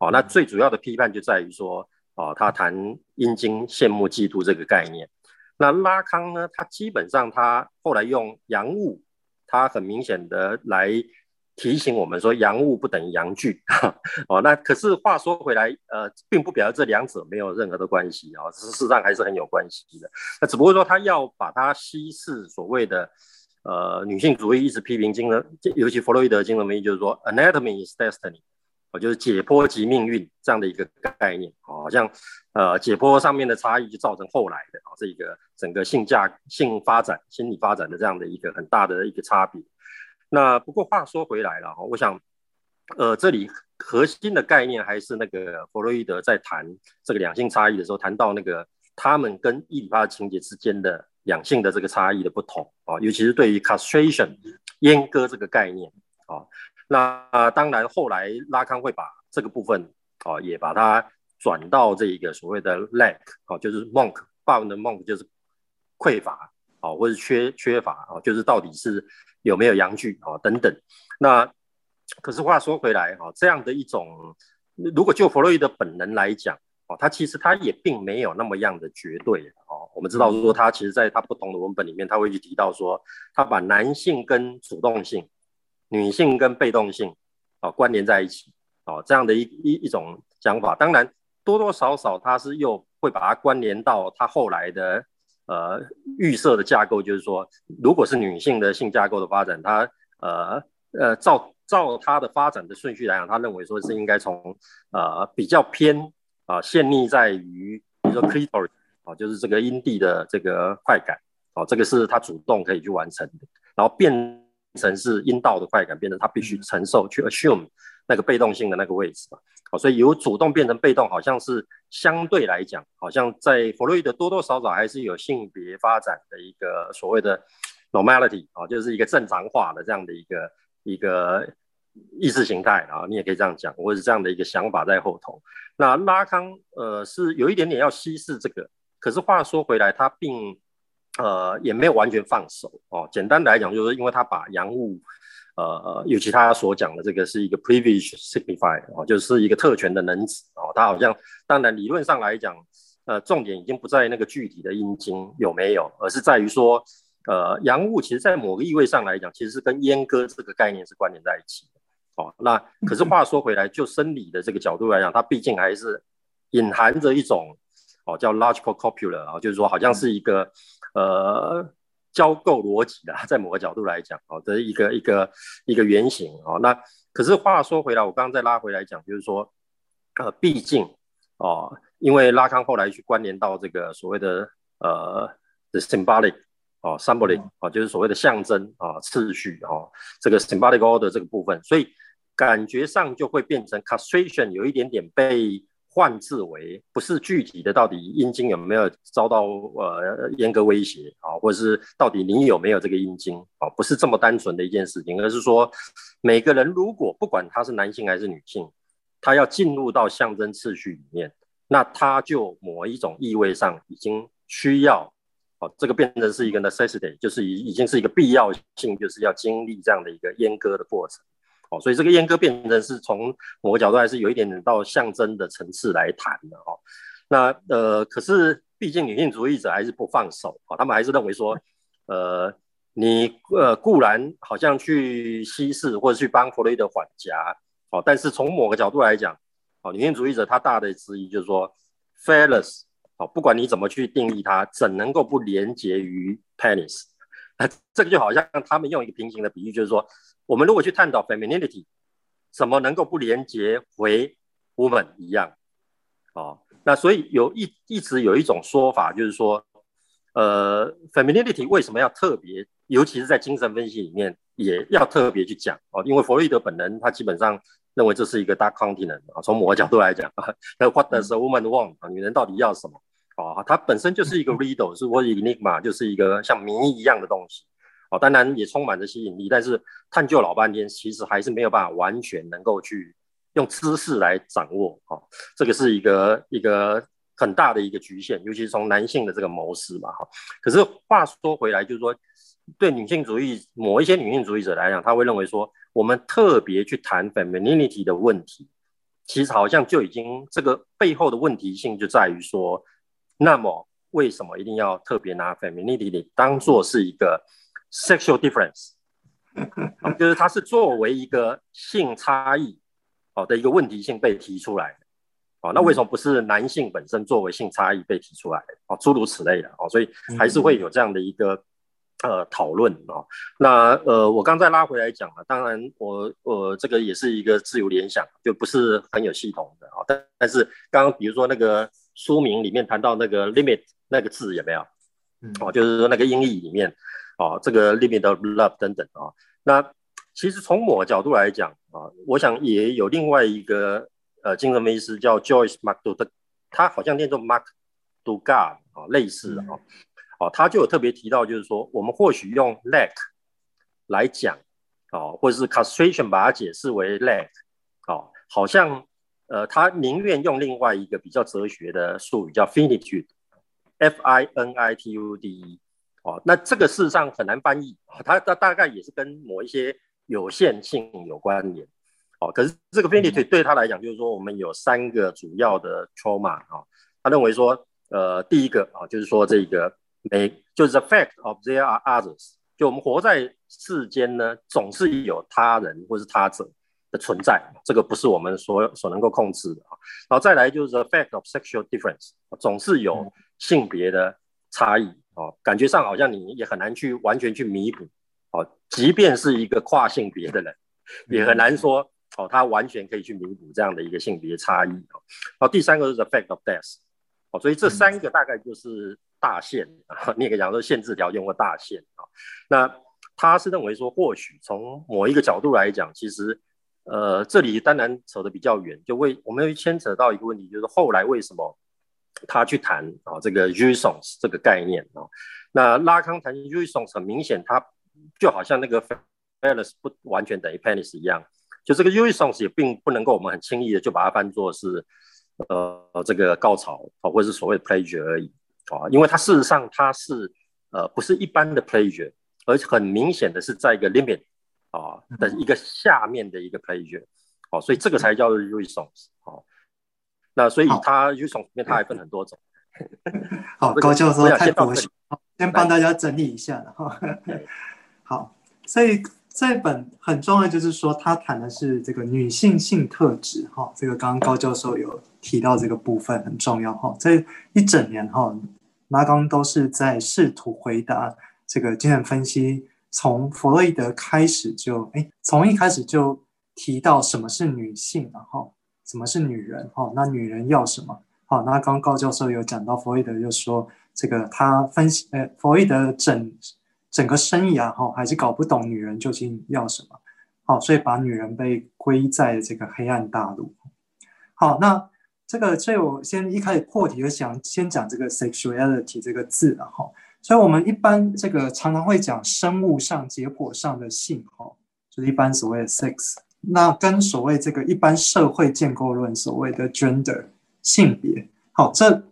哦，嗯、那最主要的批判就在於說，哦，他談陰莖、羨慕、嫉妒這個概念。那拉康呢，他基本上他後來用陽物，他很明顯的來。提醒我們說，陽物不等於陽具哈，哦，那可是話說回來，呃，並不表示這兩者沒有任何的關係啊、哦。事實上還是很有關係的。那只不過說，他要把它稀釋所謂的，呃，女性主義一直批評經論，尤其弗洛伊德的精神分析，就是說，anatomy is destiny，哦，就是解剖即命運這樣的一個概念。哦，好像呃，解剖上面的差異就造成後來的啊、哦，這一個整個性價性發展、心理發展的這樣的一個很大的一個差別。那不過話說回來了，我想，呃，這裡核心的概念還是那個弗洛伊德在談這個兩性差異的時候，談到那個他們跟伊底帕斯情節之間的兩性的這個差異的不同啊、哦，尤其是對於 castration 閹割這個概念啊、哦，那、呃、當然後來拉康會把這個部分啊、哦、也把它轉到這一個所謂的 lack 哦，就是 monk，法文的 monk 就是匱乏。哦，或者缺缺乏哦，就是到底是有沒有陽具啊，哦，等等。那可是話說回來哦，這樣的一種，如果就弗洛伊德本人來講哦，他其實他也並沒有那麼樣的絕對哦。我們知道說他其實在他不同的文本裡面，他會去提到說他把男性跟主動性，女性跟被動性哦，關聯在一起哦，這樣的一一一種講法。當然多多少少他是又會把它關聯到他後來的。呃，預設的架構就是說，如果是女性的性架構的發展，她呃呃，照照她的發展的順序來講，她認為說是應該從呃比較偏啊、呃，陷溺在於，比如說 clitoris 啊、哦，就是這個陰蒂的這個快感啊、哦，這個是她主動可以去完成的。然後變成是陰道的快感，變成她必須承受去 assume。那個被動性的那個位置，好，所以由主動變成被動，好像是相對來講，好像在弗洛伊德，多多少少還是有性別發展的一個所謂的 normality 啊，就是一個正常化的這樣的一個一個意識形態，你也可以這樣講，或者是這樣的一個想法在後頭。那拉康呃是有一點點要稀釋這個，可是話說回來，他並呃也沒有完全放手哦。簡單來講，就是因為他把陽物。呃，尤其他所講的這個是一個 privilege signifier、哦、就是一個特權的能指啊。他好像，當然理論上來講，呃，重點已經不在那個具體的陰莖有沒有，而是在於說，呃，陽物其實，在某個意味上來講，其實是跟閹割這個概念是關聯在一起的、哦。那可是話說回來，就生理的這個角度來講，它畢竟還是隱含着一種哦叫 logical copula 啊、哦，就是說好像是一個呃。交構邏輯的，在某個角度來講，哦，這是一個一個一個原型哦。那可是話說回來，我剛剛再拉回來講，就是說，呃，畢竟，哦、呃，因為拉康後來去關聯到這個所謂的呃的 symbolic 哦、呃、symbolic 啊、呃，就是所謂的象徵啊、呃，次序啊、呃，這個 symbolic order 這個部分，所以感覺上就會變成 castration 有一點點被。換字為不是具體的，到底陰莖有沒有遭到呃閹割威脅啊？或者是到底你有沒有這個陰莖啊？不是這麼單純的一件事情，而是說每個人如果不管他是男性還是女性，他要進入到象徵秩序裡面，那他就某一種意味上已經需要哦、啊，這個變成是一個 necessity，就是已已經是一個必要性，就是要經歷這樣的一個閹割的過程。所以這個閹割變成是從某個角度還是有一點點到象徵的層次來談的哦。那呃，可是畢竟女性主義者還是不放手啊，他們還是認為說，呃，你呃固然好像去稀釋或者去幫弗洛伊德緩頰，哦，但是從某個角度來講，哦，女性主義者她大的質疑就是說 phallus 哦，不管你怎麼去定義它，怎能夠不連接於 penis？那這個就好像他們用一個平行的比喻，就是說，我們如果去探討 femininity，怎麼能夠不連接回 woman 一樣？哦，那所以有一一直有一種說法，就是說，呃，femininity 為什麼要特別？尤其是在精神分析裡面，也要特別去講哦。因為弗洛伊德本人他基本上認為這是一個大 continent 啊、哦。從某個角度來講啊，what does a woman want 啊、哦，女人到底要什麼？啊、哦，它本身就是一個 riddle，是 enigma 就是一個像謎一樣的東西。當然也充滿着吸引力，但是探究老半天，其實還是沒有辦法完全能夠去用知識來掌握。哈、哦，這個是一個一個很大的一個局限，尤其是從男性的這個模式嘛。哈、哦，可是話說回來，就是說對女性主義某一些女性主義者來講，他會認為說，我們特別去談 femininity 的問題，其實好像就已經這個背後的問題性就在於說，那麼為什麼一定要特別拿 femininity 的當做是一個？Sexual difference，就是它是作為一個性差異，哦的一個問題性被提出來的，哦，那為什麼不是男性本身作為性差異被提出來，哦，諸如此類的，哦，所以還是會有這樣的一個、嗯，呃，討論，哦，那呃，我剛再拉回來講嘛，當然我我、呃、這個也是一個自由聯想，就不是很有系統的，哦，但但是剛剛比如說那個書名裡面談到那個 limit 那個字有沒有？哦，就是說那個英譯裡面，哦，這個《Limit of Love》等等啊，那其實從我角度來講啊，我想也有另外一個呃精神分析師叫 Joyce McDougall，他好像念作 MacDougall 啊、哦，類似啊、嗯，哦，他就有特別提到，就是說我們或許用 Lack 來講哦，或者是 Castration 把它解釋為 Lack 哦，好像呃他寧願用另外一個比較哲學的術語叫 Finitude。finitude，哦，那這個事實上很難翻譯，它它大概也是跟某一些有限性有關聯，哦，可是這個 finite 對他來講，就是說我們有三個主要的 trauma，啊、哦，他認為說，呃，第一個啊、哦，就是說這個每、哎、就是 the fact of there are others，就我們活在世間呢，總是有他人或是他者的存在，這個不是我們所所能夠控制的，啊，然後再來就是 the fact of sexual difference，、哦、總是有。性別的差異哦，感覺上好像你也很難去完全去彌補，哦，即便是一個跨性別的人，也很難說哦，他完全可以去彌補這樣的一個性別差異哦。哦、mm -hmm.，第三個是 the fact of death，哦，所以這三個大概就是大限啊，mm -hmm. 你也可以講說限制條件或大限啊。那他是認為說，或許從某一個角度來講，其實呃，這裡當然扯得比較遠，就為我們會牽扯到一個問題，就是後來為什麼？他去談啊、哦、這個 jouissance 這個概念啊、哦，那拉康談 jouissance 很明顯，它就好像那個 phallus 不完全等於 penis 一樣，就這個 jouissance 也並不能夠我們很輕易的就把它翻作是呃這個高潮啊、哦，或者是所謂的 pleasure 而已啊、哦，因為它事實上它是呃不是一般的 pleasure，而且很明顯的是在一個 limit 啊、哦、的一個下面的一個 pleasure 哦，所以這個才叫做 jouissance 哦。那所以他，就從裡面它還分很多種。對對對， 好，高教授太多了，先幫大家整理一下了哈。 好，所以這本很重要，就是說他談的是這個女性性特質哈。這個剛剛高教授有提到這個部分很重要哈。這一整年哈，拉岡都是在試圖回答這個精神分析從弗洛伊德開始就哎從、欸、一開始就提到什麼是女性然後。什麼是女人？哈，那女人要什麼？好，那剛剛高教授有講到，弗洛伊德就說，這個他分析，呃，弗洛伊德整整個生涯，哈，還是搞不懂女人究竟要什麼，好，所以把女人被歸在這個黑暗大陸。好，那這個所以我先一開始破題，就想先講這個 sexuality 這個字，哈，所以我們一般這個常常會講生物上結果上的性，哈，就是一般所謂的 sex。那跟所謂這個一般社會建構論所謂的 gender 性別，好，這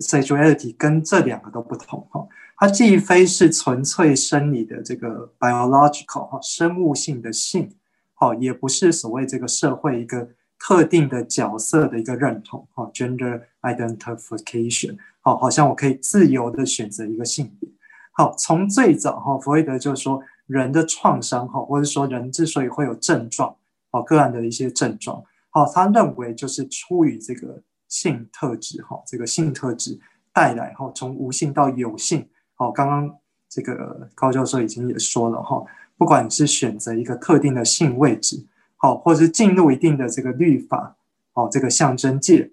sexuality 跟這兩個都不同哈、哦，它既非是純粹生理的這個 biological 哈、哦、生物性的性，好、哦，也不是所謂這個社會一個特定的角色的一個認同哈、哦、gender identification，好、哦，好像我可以自由的選擇一個性別，好、哦，從最早哈弗洛伊德就說人的創傷哈，或者說人之所以會有症狀。好，個案的一些症狀。好，他認為就是出於這個性特質，哈，這個性特質帶來，哈，從無性到有性。好，剛剛這個高教授已經也說了，哈，不管你是選擇一個特定的性位置，好，或者是進入一定的這個律法，哦，這個象徵界，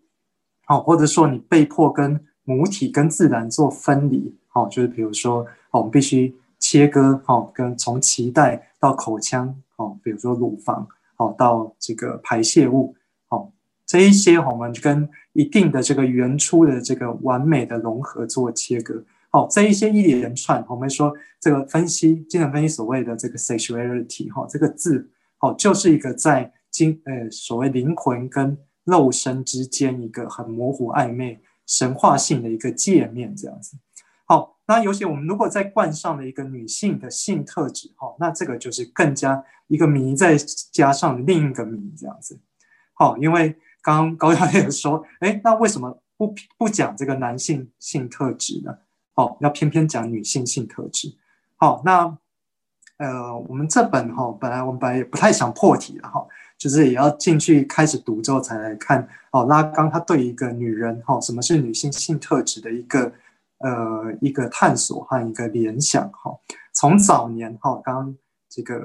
好，或者說你被迫跟母體跟自然做分離，好，就是比如說，我們必須切割，好，跟從臍帶到口腔，哦，比如說乳房。好，到這個排泄物，好、哦、這一些，我們跟一定的這個原初的這個完美的融合做切割，好、哦、這一些一連串，我們說這個分析精神分析所謂的這個 sexuality 哈、哦、這個字，好、哦、就是一個在精呃所謂靈魂跟肉身之間一個很模糊曖昧、神話性的一個界面這樣子。那尤其我們如果再冠上了一個女性的性特質哈、哦，那這個就是更加一個謎，再加上另一個謎這樣子，好、哦，因為剛剛高教授也說，哎、欸，那為什麼不不講這個男性性特質呢？哦，要偏偏講女性性特質。好、哦，那呃，我們這本哈、哦、本來我們本來也不太想破題了哈、哦，就是也要進去開始讀之後才來看哦。拉岡他對一個女人哈、哦，什麼是女性性特質的一個。呃，一個探索和一個聯想哈，從早年哈，剛剛這個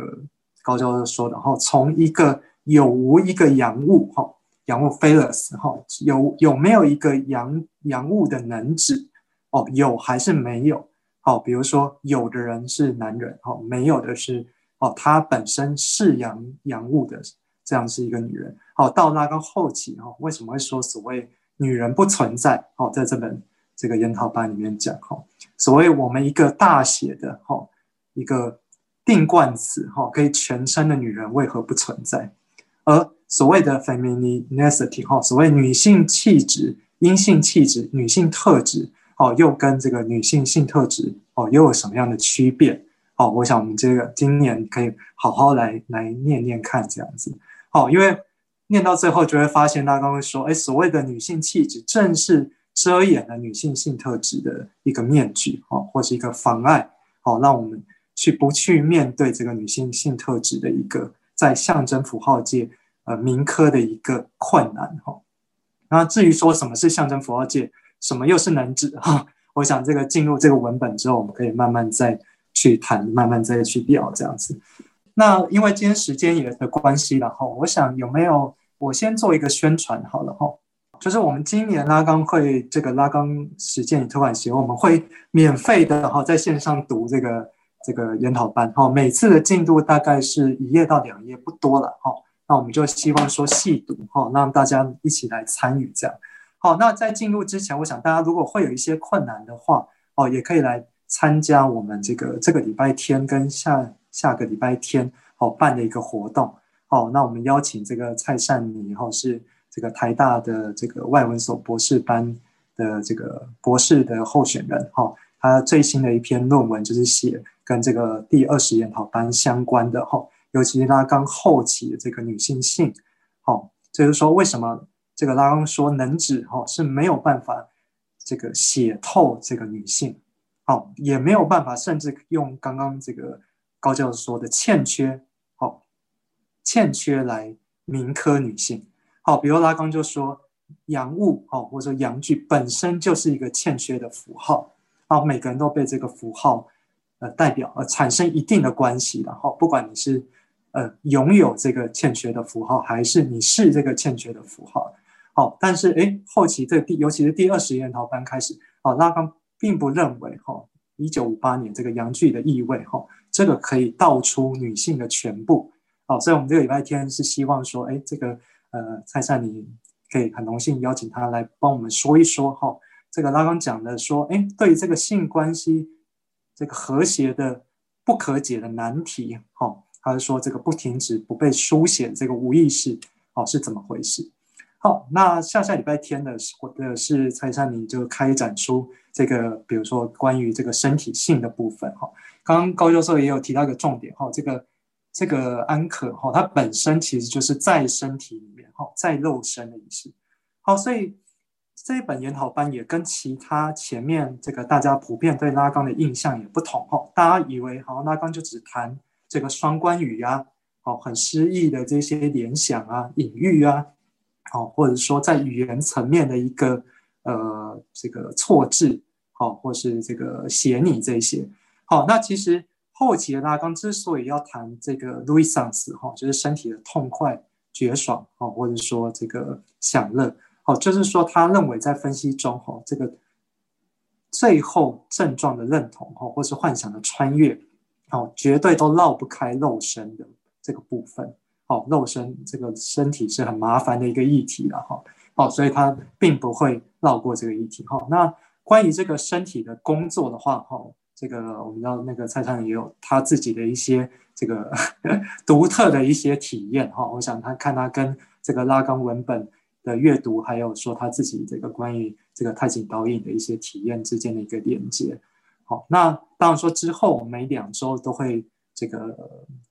高教授說的哈，從一個有無一個陽物哈，陽物 phallus 哈，有有沒有一個陽陽物的能指哦，有還是沒有？好，比如說有的人是男人哈，沒有的是哦，他本身是陽陽物的，這樣是一個女人哦。到那個後期哈，為什麼會說所謂女人不存在？哦，在這本。這個研討班裡面講哈，所謂我們一個大寫的哈，一個定冠詞哈，可以全稱的女人為何不存在？而所謂的 femininity 哈，所謂女性氣質、陰性氣質、女性特質，哦，又跟這個女性性特質哦，又有什麼樣的區別？哦，我想我們這個今年可以好好來來念念看這樣子。哦，因為念到最後就會發現，大家都會說，哎，所謂的女性氣質正是。遮掩了女性性特質的一個面具，哈，或是一個妨礙，哦，讓我們去不去面對這個女性性特質的一個在象徵符號界，呃，銘刻的一個困難，哈。那至於說什麼是象徵符號界，什麼又是男子，哈，我想這個進入這個文本之後，我們可以慢慢再去談，慢慢再去聊這樣子。那因為今天時間也的關係，然後我想有沒有，我先做一個宣傳好了，哈。就是我們今年拉岡會，這個拉岡實踐與推廣協會，我們會免費的哈，在線上讀這個這個研討班哈，每次的進度大概是一頁到兩頁，不多了哈。那我們就希望說細讀哈，讓大家一起來參與這樣。好，那在進入之前，我想大家如果會有一些困難的話哦，也可以來參加我們這個這個禮拜天跟下下個禮拜天好辦的一個活動好，那我們邀請這個蔡善妮哦是，這個台大的這個外文所博士班的這個博士的候選人，哈、哦，他最新的一篇論文就是寫跟這個第二十研討班相關的，哈、哦，尤其是拉岡後期的這個女性性，哈、哦，就是說為什麼這個拉岡說能指，哈、哦，是沒有辦法這個寫透這個女性，哦，也沒有辦法，甚至用剛剛這個高教授說的欠缺，哦，欠缺來銘刻女性。好，比如拉岡就說，陽物，哦，或者說陽具本身就是一個欠缺的符號啊，每個人都被這個符號呃代表，呃產生一定的關係。然、哦、後，不管你是呃擁有這個欠缺的符號，還是你是這個欠缺的符號，好、哦，但是哎、欸，後期這第、個、尤其是第二十研討班開始，哦，拉岡並不認為哦一九五八年這個陽具的意味哈、哦，這個可以道出女性的全部哦。所以，我們這個禮拜天是希望說，哎、欸，這個。呃，蔡善，你可以很榮幸邀請他來幫我們說一說哈、哦，這個拉康講的說，哎，對於這個性關係，這個和諧的不可解的難題哈，還、哦、是說這個不停止、不被書寫這個無意識哦是怎麼回事？好、哦，那下下禮拜天的或者、呃、是蔡善，你就開展出這個，比如說關於這個身體性的部分哈、哦，剛剛高教授也有提到一個重點哈、哦，這個。這個安可哈，它本身其實就是在身體裡面哈、哦，在肉身的意思。好，所以這一本研討班也跟其他前面這個大家普遍對拉岡的印象也不同哈、哦。大家以為哈、哦、拉岡就只談這個雙關語啊，哦，很詩意的這些聯想啊、隱喻啊，哦，或者說在語言層面的一個呃這個錯置，好、哦，或是這個寫擬這些。好、哦，那其實。後期的拉岡之所以要談這個路易桑斯哈，就是身體的痛快、絕爽哈，或者說這個享樂，哦，就是說他認為在分析中哈，這個最後症狀的認同哈，或是幻想的穿越，哦，絕對都繞不開肉身的這個部分，哦，肉身這個身體是很麻煩的一個議題了哈，哦，所以他並不會繞過這個議題哈。那關於這個身體的工作的話，哈。這個我們到那個蔡場也有他自己的一些這個呵呵獨特的一些體驗哈、哦。我想他看他跟這個拉岡文本的閱讀，還有說他自己這個關於這個太景導演的一些體驗之間的一個連接。好、哦，那當然說之後我們每兩周都會這個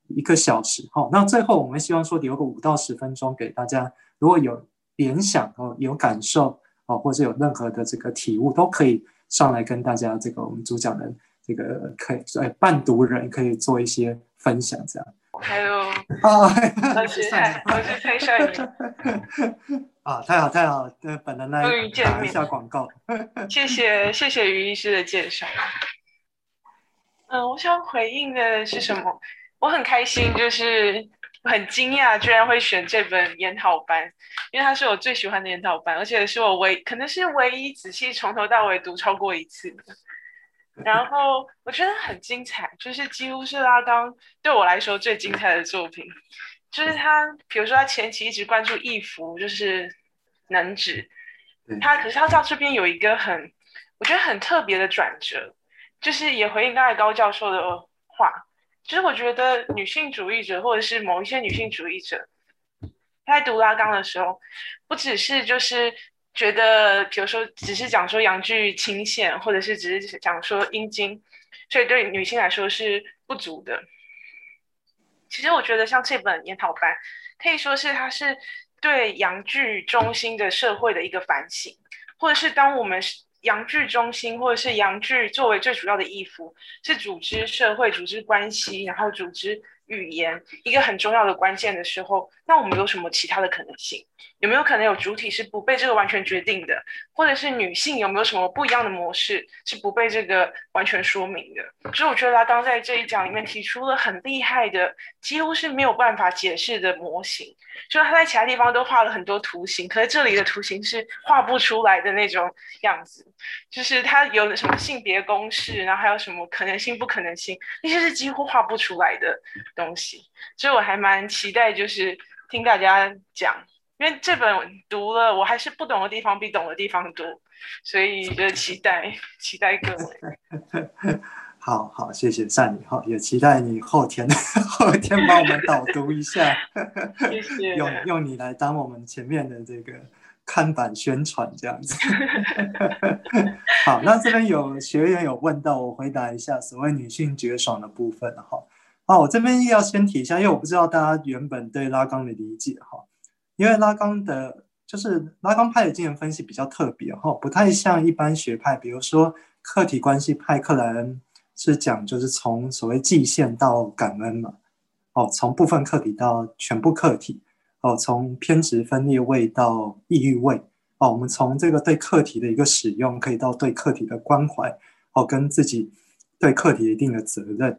一個小時哈、哦。那最後我們希望說留個五到十分鐘給大家，如果有聯想哦，有感受哦，或者有任何的這個體悟，都可以上來跟大家這個我們主講人。這個可以哎，伴讀人可以做一些分享，這樣。還有啊，老師太，老師太帥了。 老師 老師 啊，太好太好，本來來打一下廣告 謝謝。謝謝謝謝俞醫師的介紹。嗯、呃，我想回應的是什麼？我很開心，就是很驚訝，居然會選這本研討班，因為它是我最喜歡的研討班，而且是我唯，可能是唯一仔細從頭到尾讀超過一次然後我覺得很精彩，就是幾乎是拉岡對我來說最精彩的作品，就是他，比如說他前期一直關注意符，就是能指，他可是他到這邊有一個很，我覺得很特別的轉折，就是也回應剛才高教授的話，其實就是我覺得女性主義者或者是某一些女性主義者，他在讀拉岡的時候，不只是就是。覺得，比如說，只是講說陽具欽羨，或者是只是講說陰莖，所以對女性來說是不足的。其實，我覺得像這本研討班，可以說是它，是對陽具中心的社會的一個反省，或者是當我們陽具中心，或者是陽具作為最主要的意符，是組織社會、組織關係，然後組織語言，一個很重要的關鍵的時候。那我們有什麼其他的可能性？有沒有可能有主體是不被這個完全決定的，或者是女性有沒有什麼不一樣的模式是不被這個完全說明的？所以我覺得他剛在這一講裡面提出了很厲害的，幾乎是沒有辦法解釋的模型。就是他在其他地方都畫了很多圖形，可是這裡的圖形是畫不出來的那種樣子。就是他有什麼性別公式，然後還有什麼可能性、不可能性，那些是幾乎畫不出來的東西。所以我還蠻期待，就是。聽大家講，因為這本讀了，我還是不懂的地方比懂的地方多，所以就期待期待各位。 好好，謝謝善女，好、哦、也期待你後天後天幫我們導讀一下， 謝謝用用你來當我們前面的這個看板宣傳這樣子。 好，那這邊有學員有問到，我回答一下所謂女性絕爽的部分，哈、哦。好、哦、我這邊要先提一下，因為我不知道大家原本對拉岡的理解哈。因為拉岡的，就是拉岡派的精神分析比較特別哈，不太像一般學派。比如說，客體關係派克萊恩是講，就是從所謂嫉羨到感恩嘛，哦，從部分客體到全部客體，哦，從偏執分裂位到抑鬱位，哦，我們從這個對客體的一個使用，可以到對客體的關懷，哦，跟自己對客體一定的責任。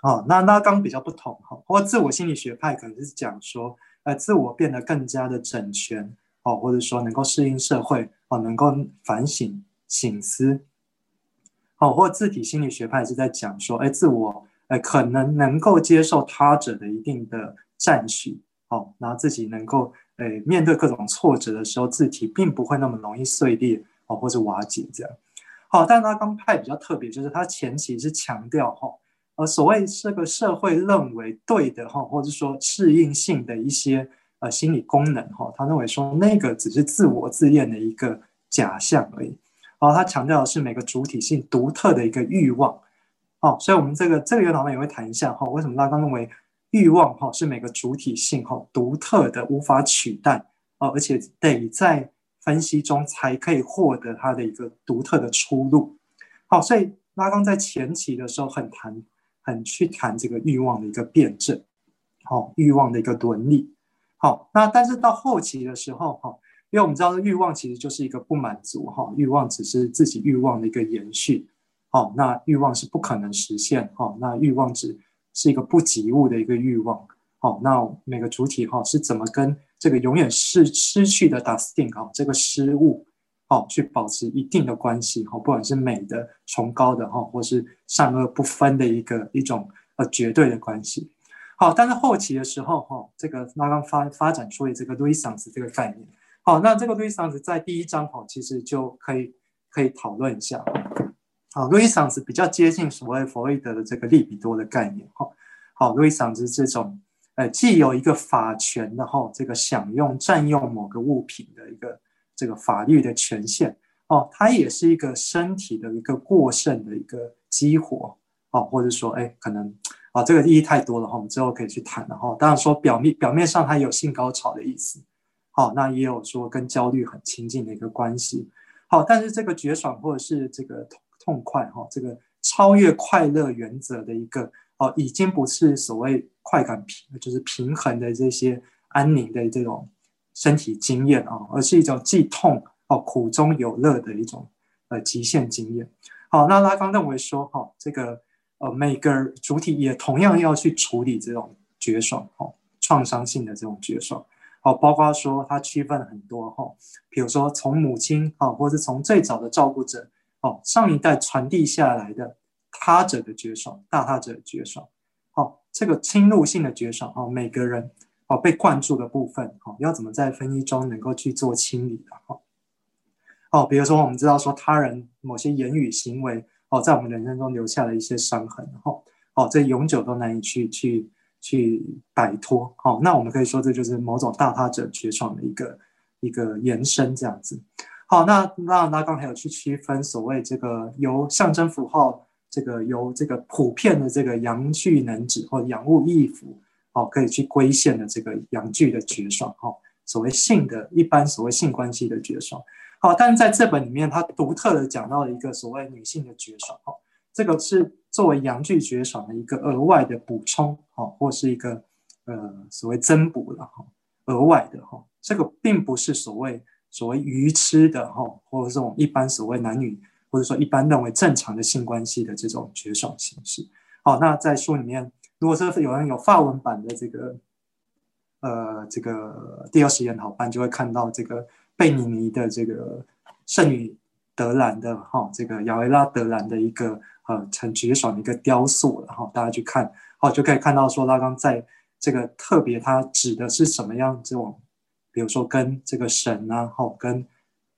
好、哦、那拉岡，拉岡比較不同哈，或者自我心理學派可能是講說，呃，自我變得更加的整全好、哦、或者說能夠適應社會哦，能夠反省、省思好、哦、或者自體心理學派是在講說，哎、呃，自我、呃、可能能夠接受他者的一定的讚許哦，然後自己能夠哎、呃、面對各種挫折的時候，自體並不會那麼容易碎裂哦，或者瓦解這樣。好、哦，但拉岡派比較特別，就是他前期是強調哈。哦呃，所謂這個社會認為對的哈，或者說適應性的一些呃心理功能哈，他認為說那個只是自我自戀的一個假象而已。然後他強調的是每個主體性獨特的一個慾望哦，所以我們這個這個月老板也會談一下哈，為什麼拉康認為慾望哈是每個主體性哈獨特的無法取代哦，而且得在分析中才可以獲得他的一個獨特的出路。好，哦，所以拉康在前期的時候很談。很去談這個欲望的一個辯證，好、哦、欲望的一個倫理，好、哦、那但是到後期的時候哈、哦，因為我們知道欲望其實就是一個不滿足哈、哦，欲望只是自己欲望的一個延續，哦那欲望是不可能實現哈、哦，那欲望只是一個不及物的一個欲望，哦那每個主體哈、哦、是怎麼跟這個永遠是失,失去的 das Ding 哈這個失誤。哦，去保持一定的關係哈、哦，不管是美的、崇高的哈、哦，或是善惡不分的一個一種呃絕對的關係。好，但是後期的時候哈、哦，這個拉康發發展出了這個 jouissance 這個概念。好、哦，那這個 jouissance 在第一章哈、哦，其實就可以可以討論一下。好 jouissance 比較接近所謂弗洛伊德的這個利比多的概念哈、哦。好 jouissance 這種、呃、既有一個法權的後、哦、這個享用、占用某個物品的一個。這個法律的權限哦，它也是一個身體的一個過剩的一個激活哦，或者說哎，可能啊、哦，這個意義太多了哈、哦，我們之後可以去談了哈、哦。當然說表面表面上它也有性高潮的意思，好、哦，那也有說跟焦慮很親近的一個關係。好、哦，但是這個絕爽或者是這個痛痛快哈、哦，這個超越快樂原則的一個哦，已經不是所謂快感平就是平衡的這些安寧的這種。身體經驗啊，而是一種既痛哦苦中有樂的一種呃極限經驗。好，那拉康認為說哈，這個呃每個人主體也同樣要去處理這種絕爽哦創傷性的這種絕爽。好，包括說他區分很多哈，比如說從母親哈，或是從最早的照顧者哦上一代傳遞下來的他者的絕爽，大他者的絕爽。好，這個侵入性的絕爽啊，每個人。哦，被灌注的部分，好、哦、要怎麼在分析中能夠去做清理的，哈、哦，哦，比如說我們知道說他人某些言語行為，哦，在我們人生中留下了一些傷痕，哦。哦，這永久都難以去去去擺脫，好、哦、那我們可以說這就是某種大他者絕爽的一個一個延伸，這樣子，好、哦，那那那剛才有去區分所謂這個由象徵符號，這個由這個普遍的這個陽具能指或陽物意符。好、哦，可以去規限的這個陽具的絕爽，哈、哦，所謂性的一般所謂性關係的絕爽，好、哦，但是在這本裡面，它獨特的講到了一個所謂女性的絕爽，哈、哦，這個是作為陽具絕爽的一個額外的補充，哈、哦，或是一個呃所謂增補了，哈、哦，額外的，哈、哦，這個並不是所謂所謂愚痴的，哈、哦，或者這種一般所謂男女或者說一般認為正常的性關係的這種絕爽形式，好、哦，那在書裡面。如果是有人有法文版的這個，呃，這個第二十研討班，就會看到這個貝尼尼的這個聖女德蘭的哈、哦，這個雅維拉德蘭的一個呃很絕爽的一個雕塑，然後、哦、大家去看，好、哦、就可以看到說拉岡在這個特別他指的是什麼樣子，種比如說跟這個神啊，哈、哦，跟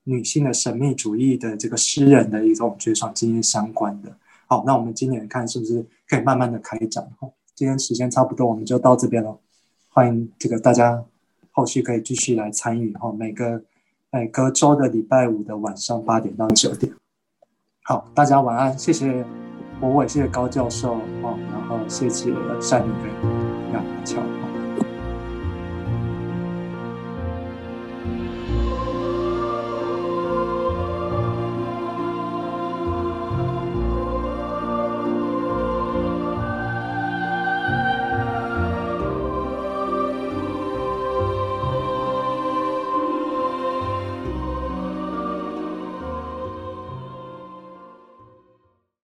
女性的神秘主義的這個詩人的一種絕爽經驗相關的。好、哦，那我們今年看是不是可以慢慢的開展哈。哦今天時間差不多，我們就到這邊了。歡迎這個大家，後續可以繼續來參與哦，每個，每個週的禮拜五的晚上八點到九點。好，大家晚安，謝謝我我也謝謝高教授哦，然後謝謝夏的。飛楊巧。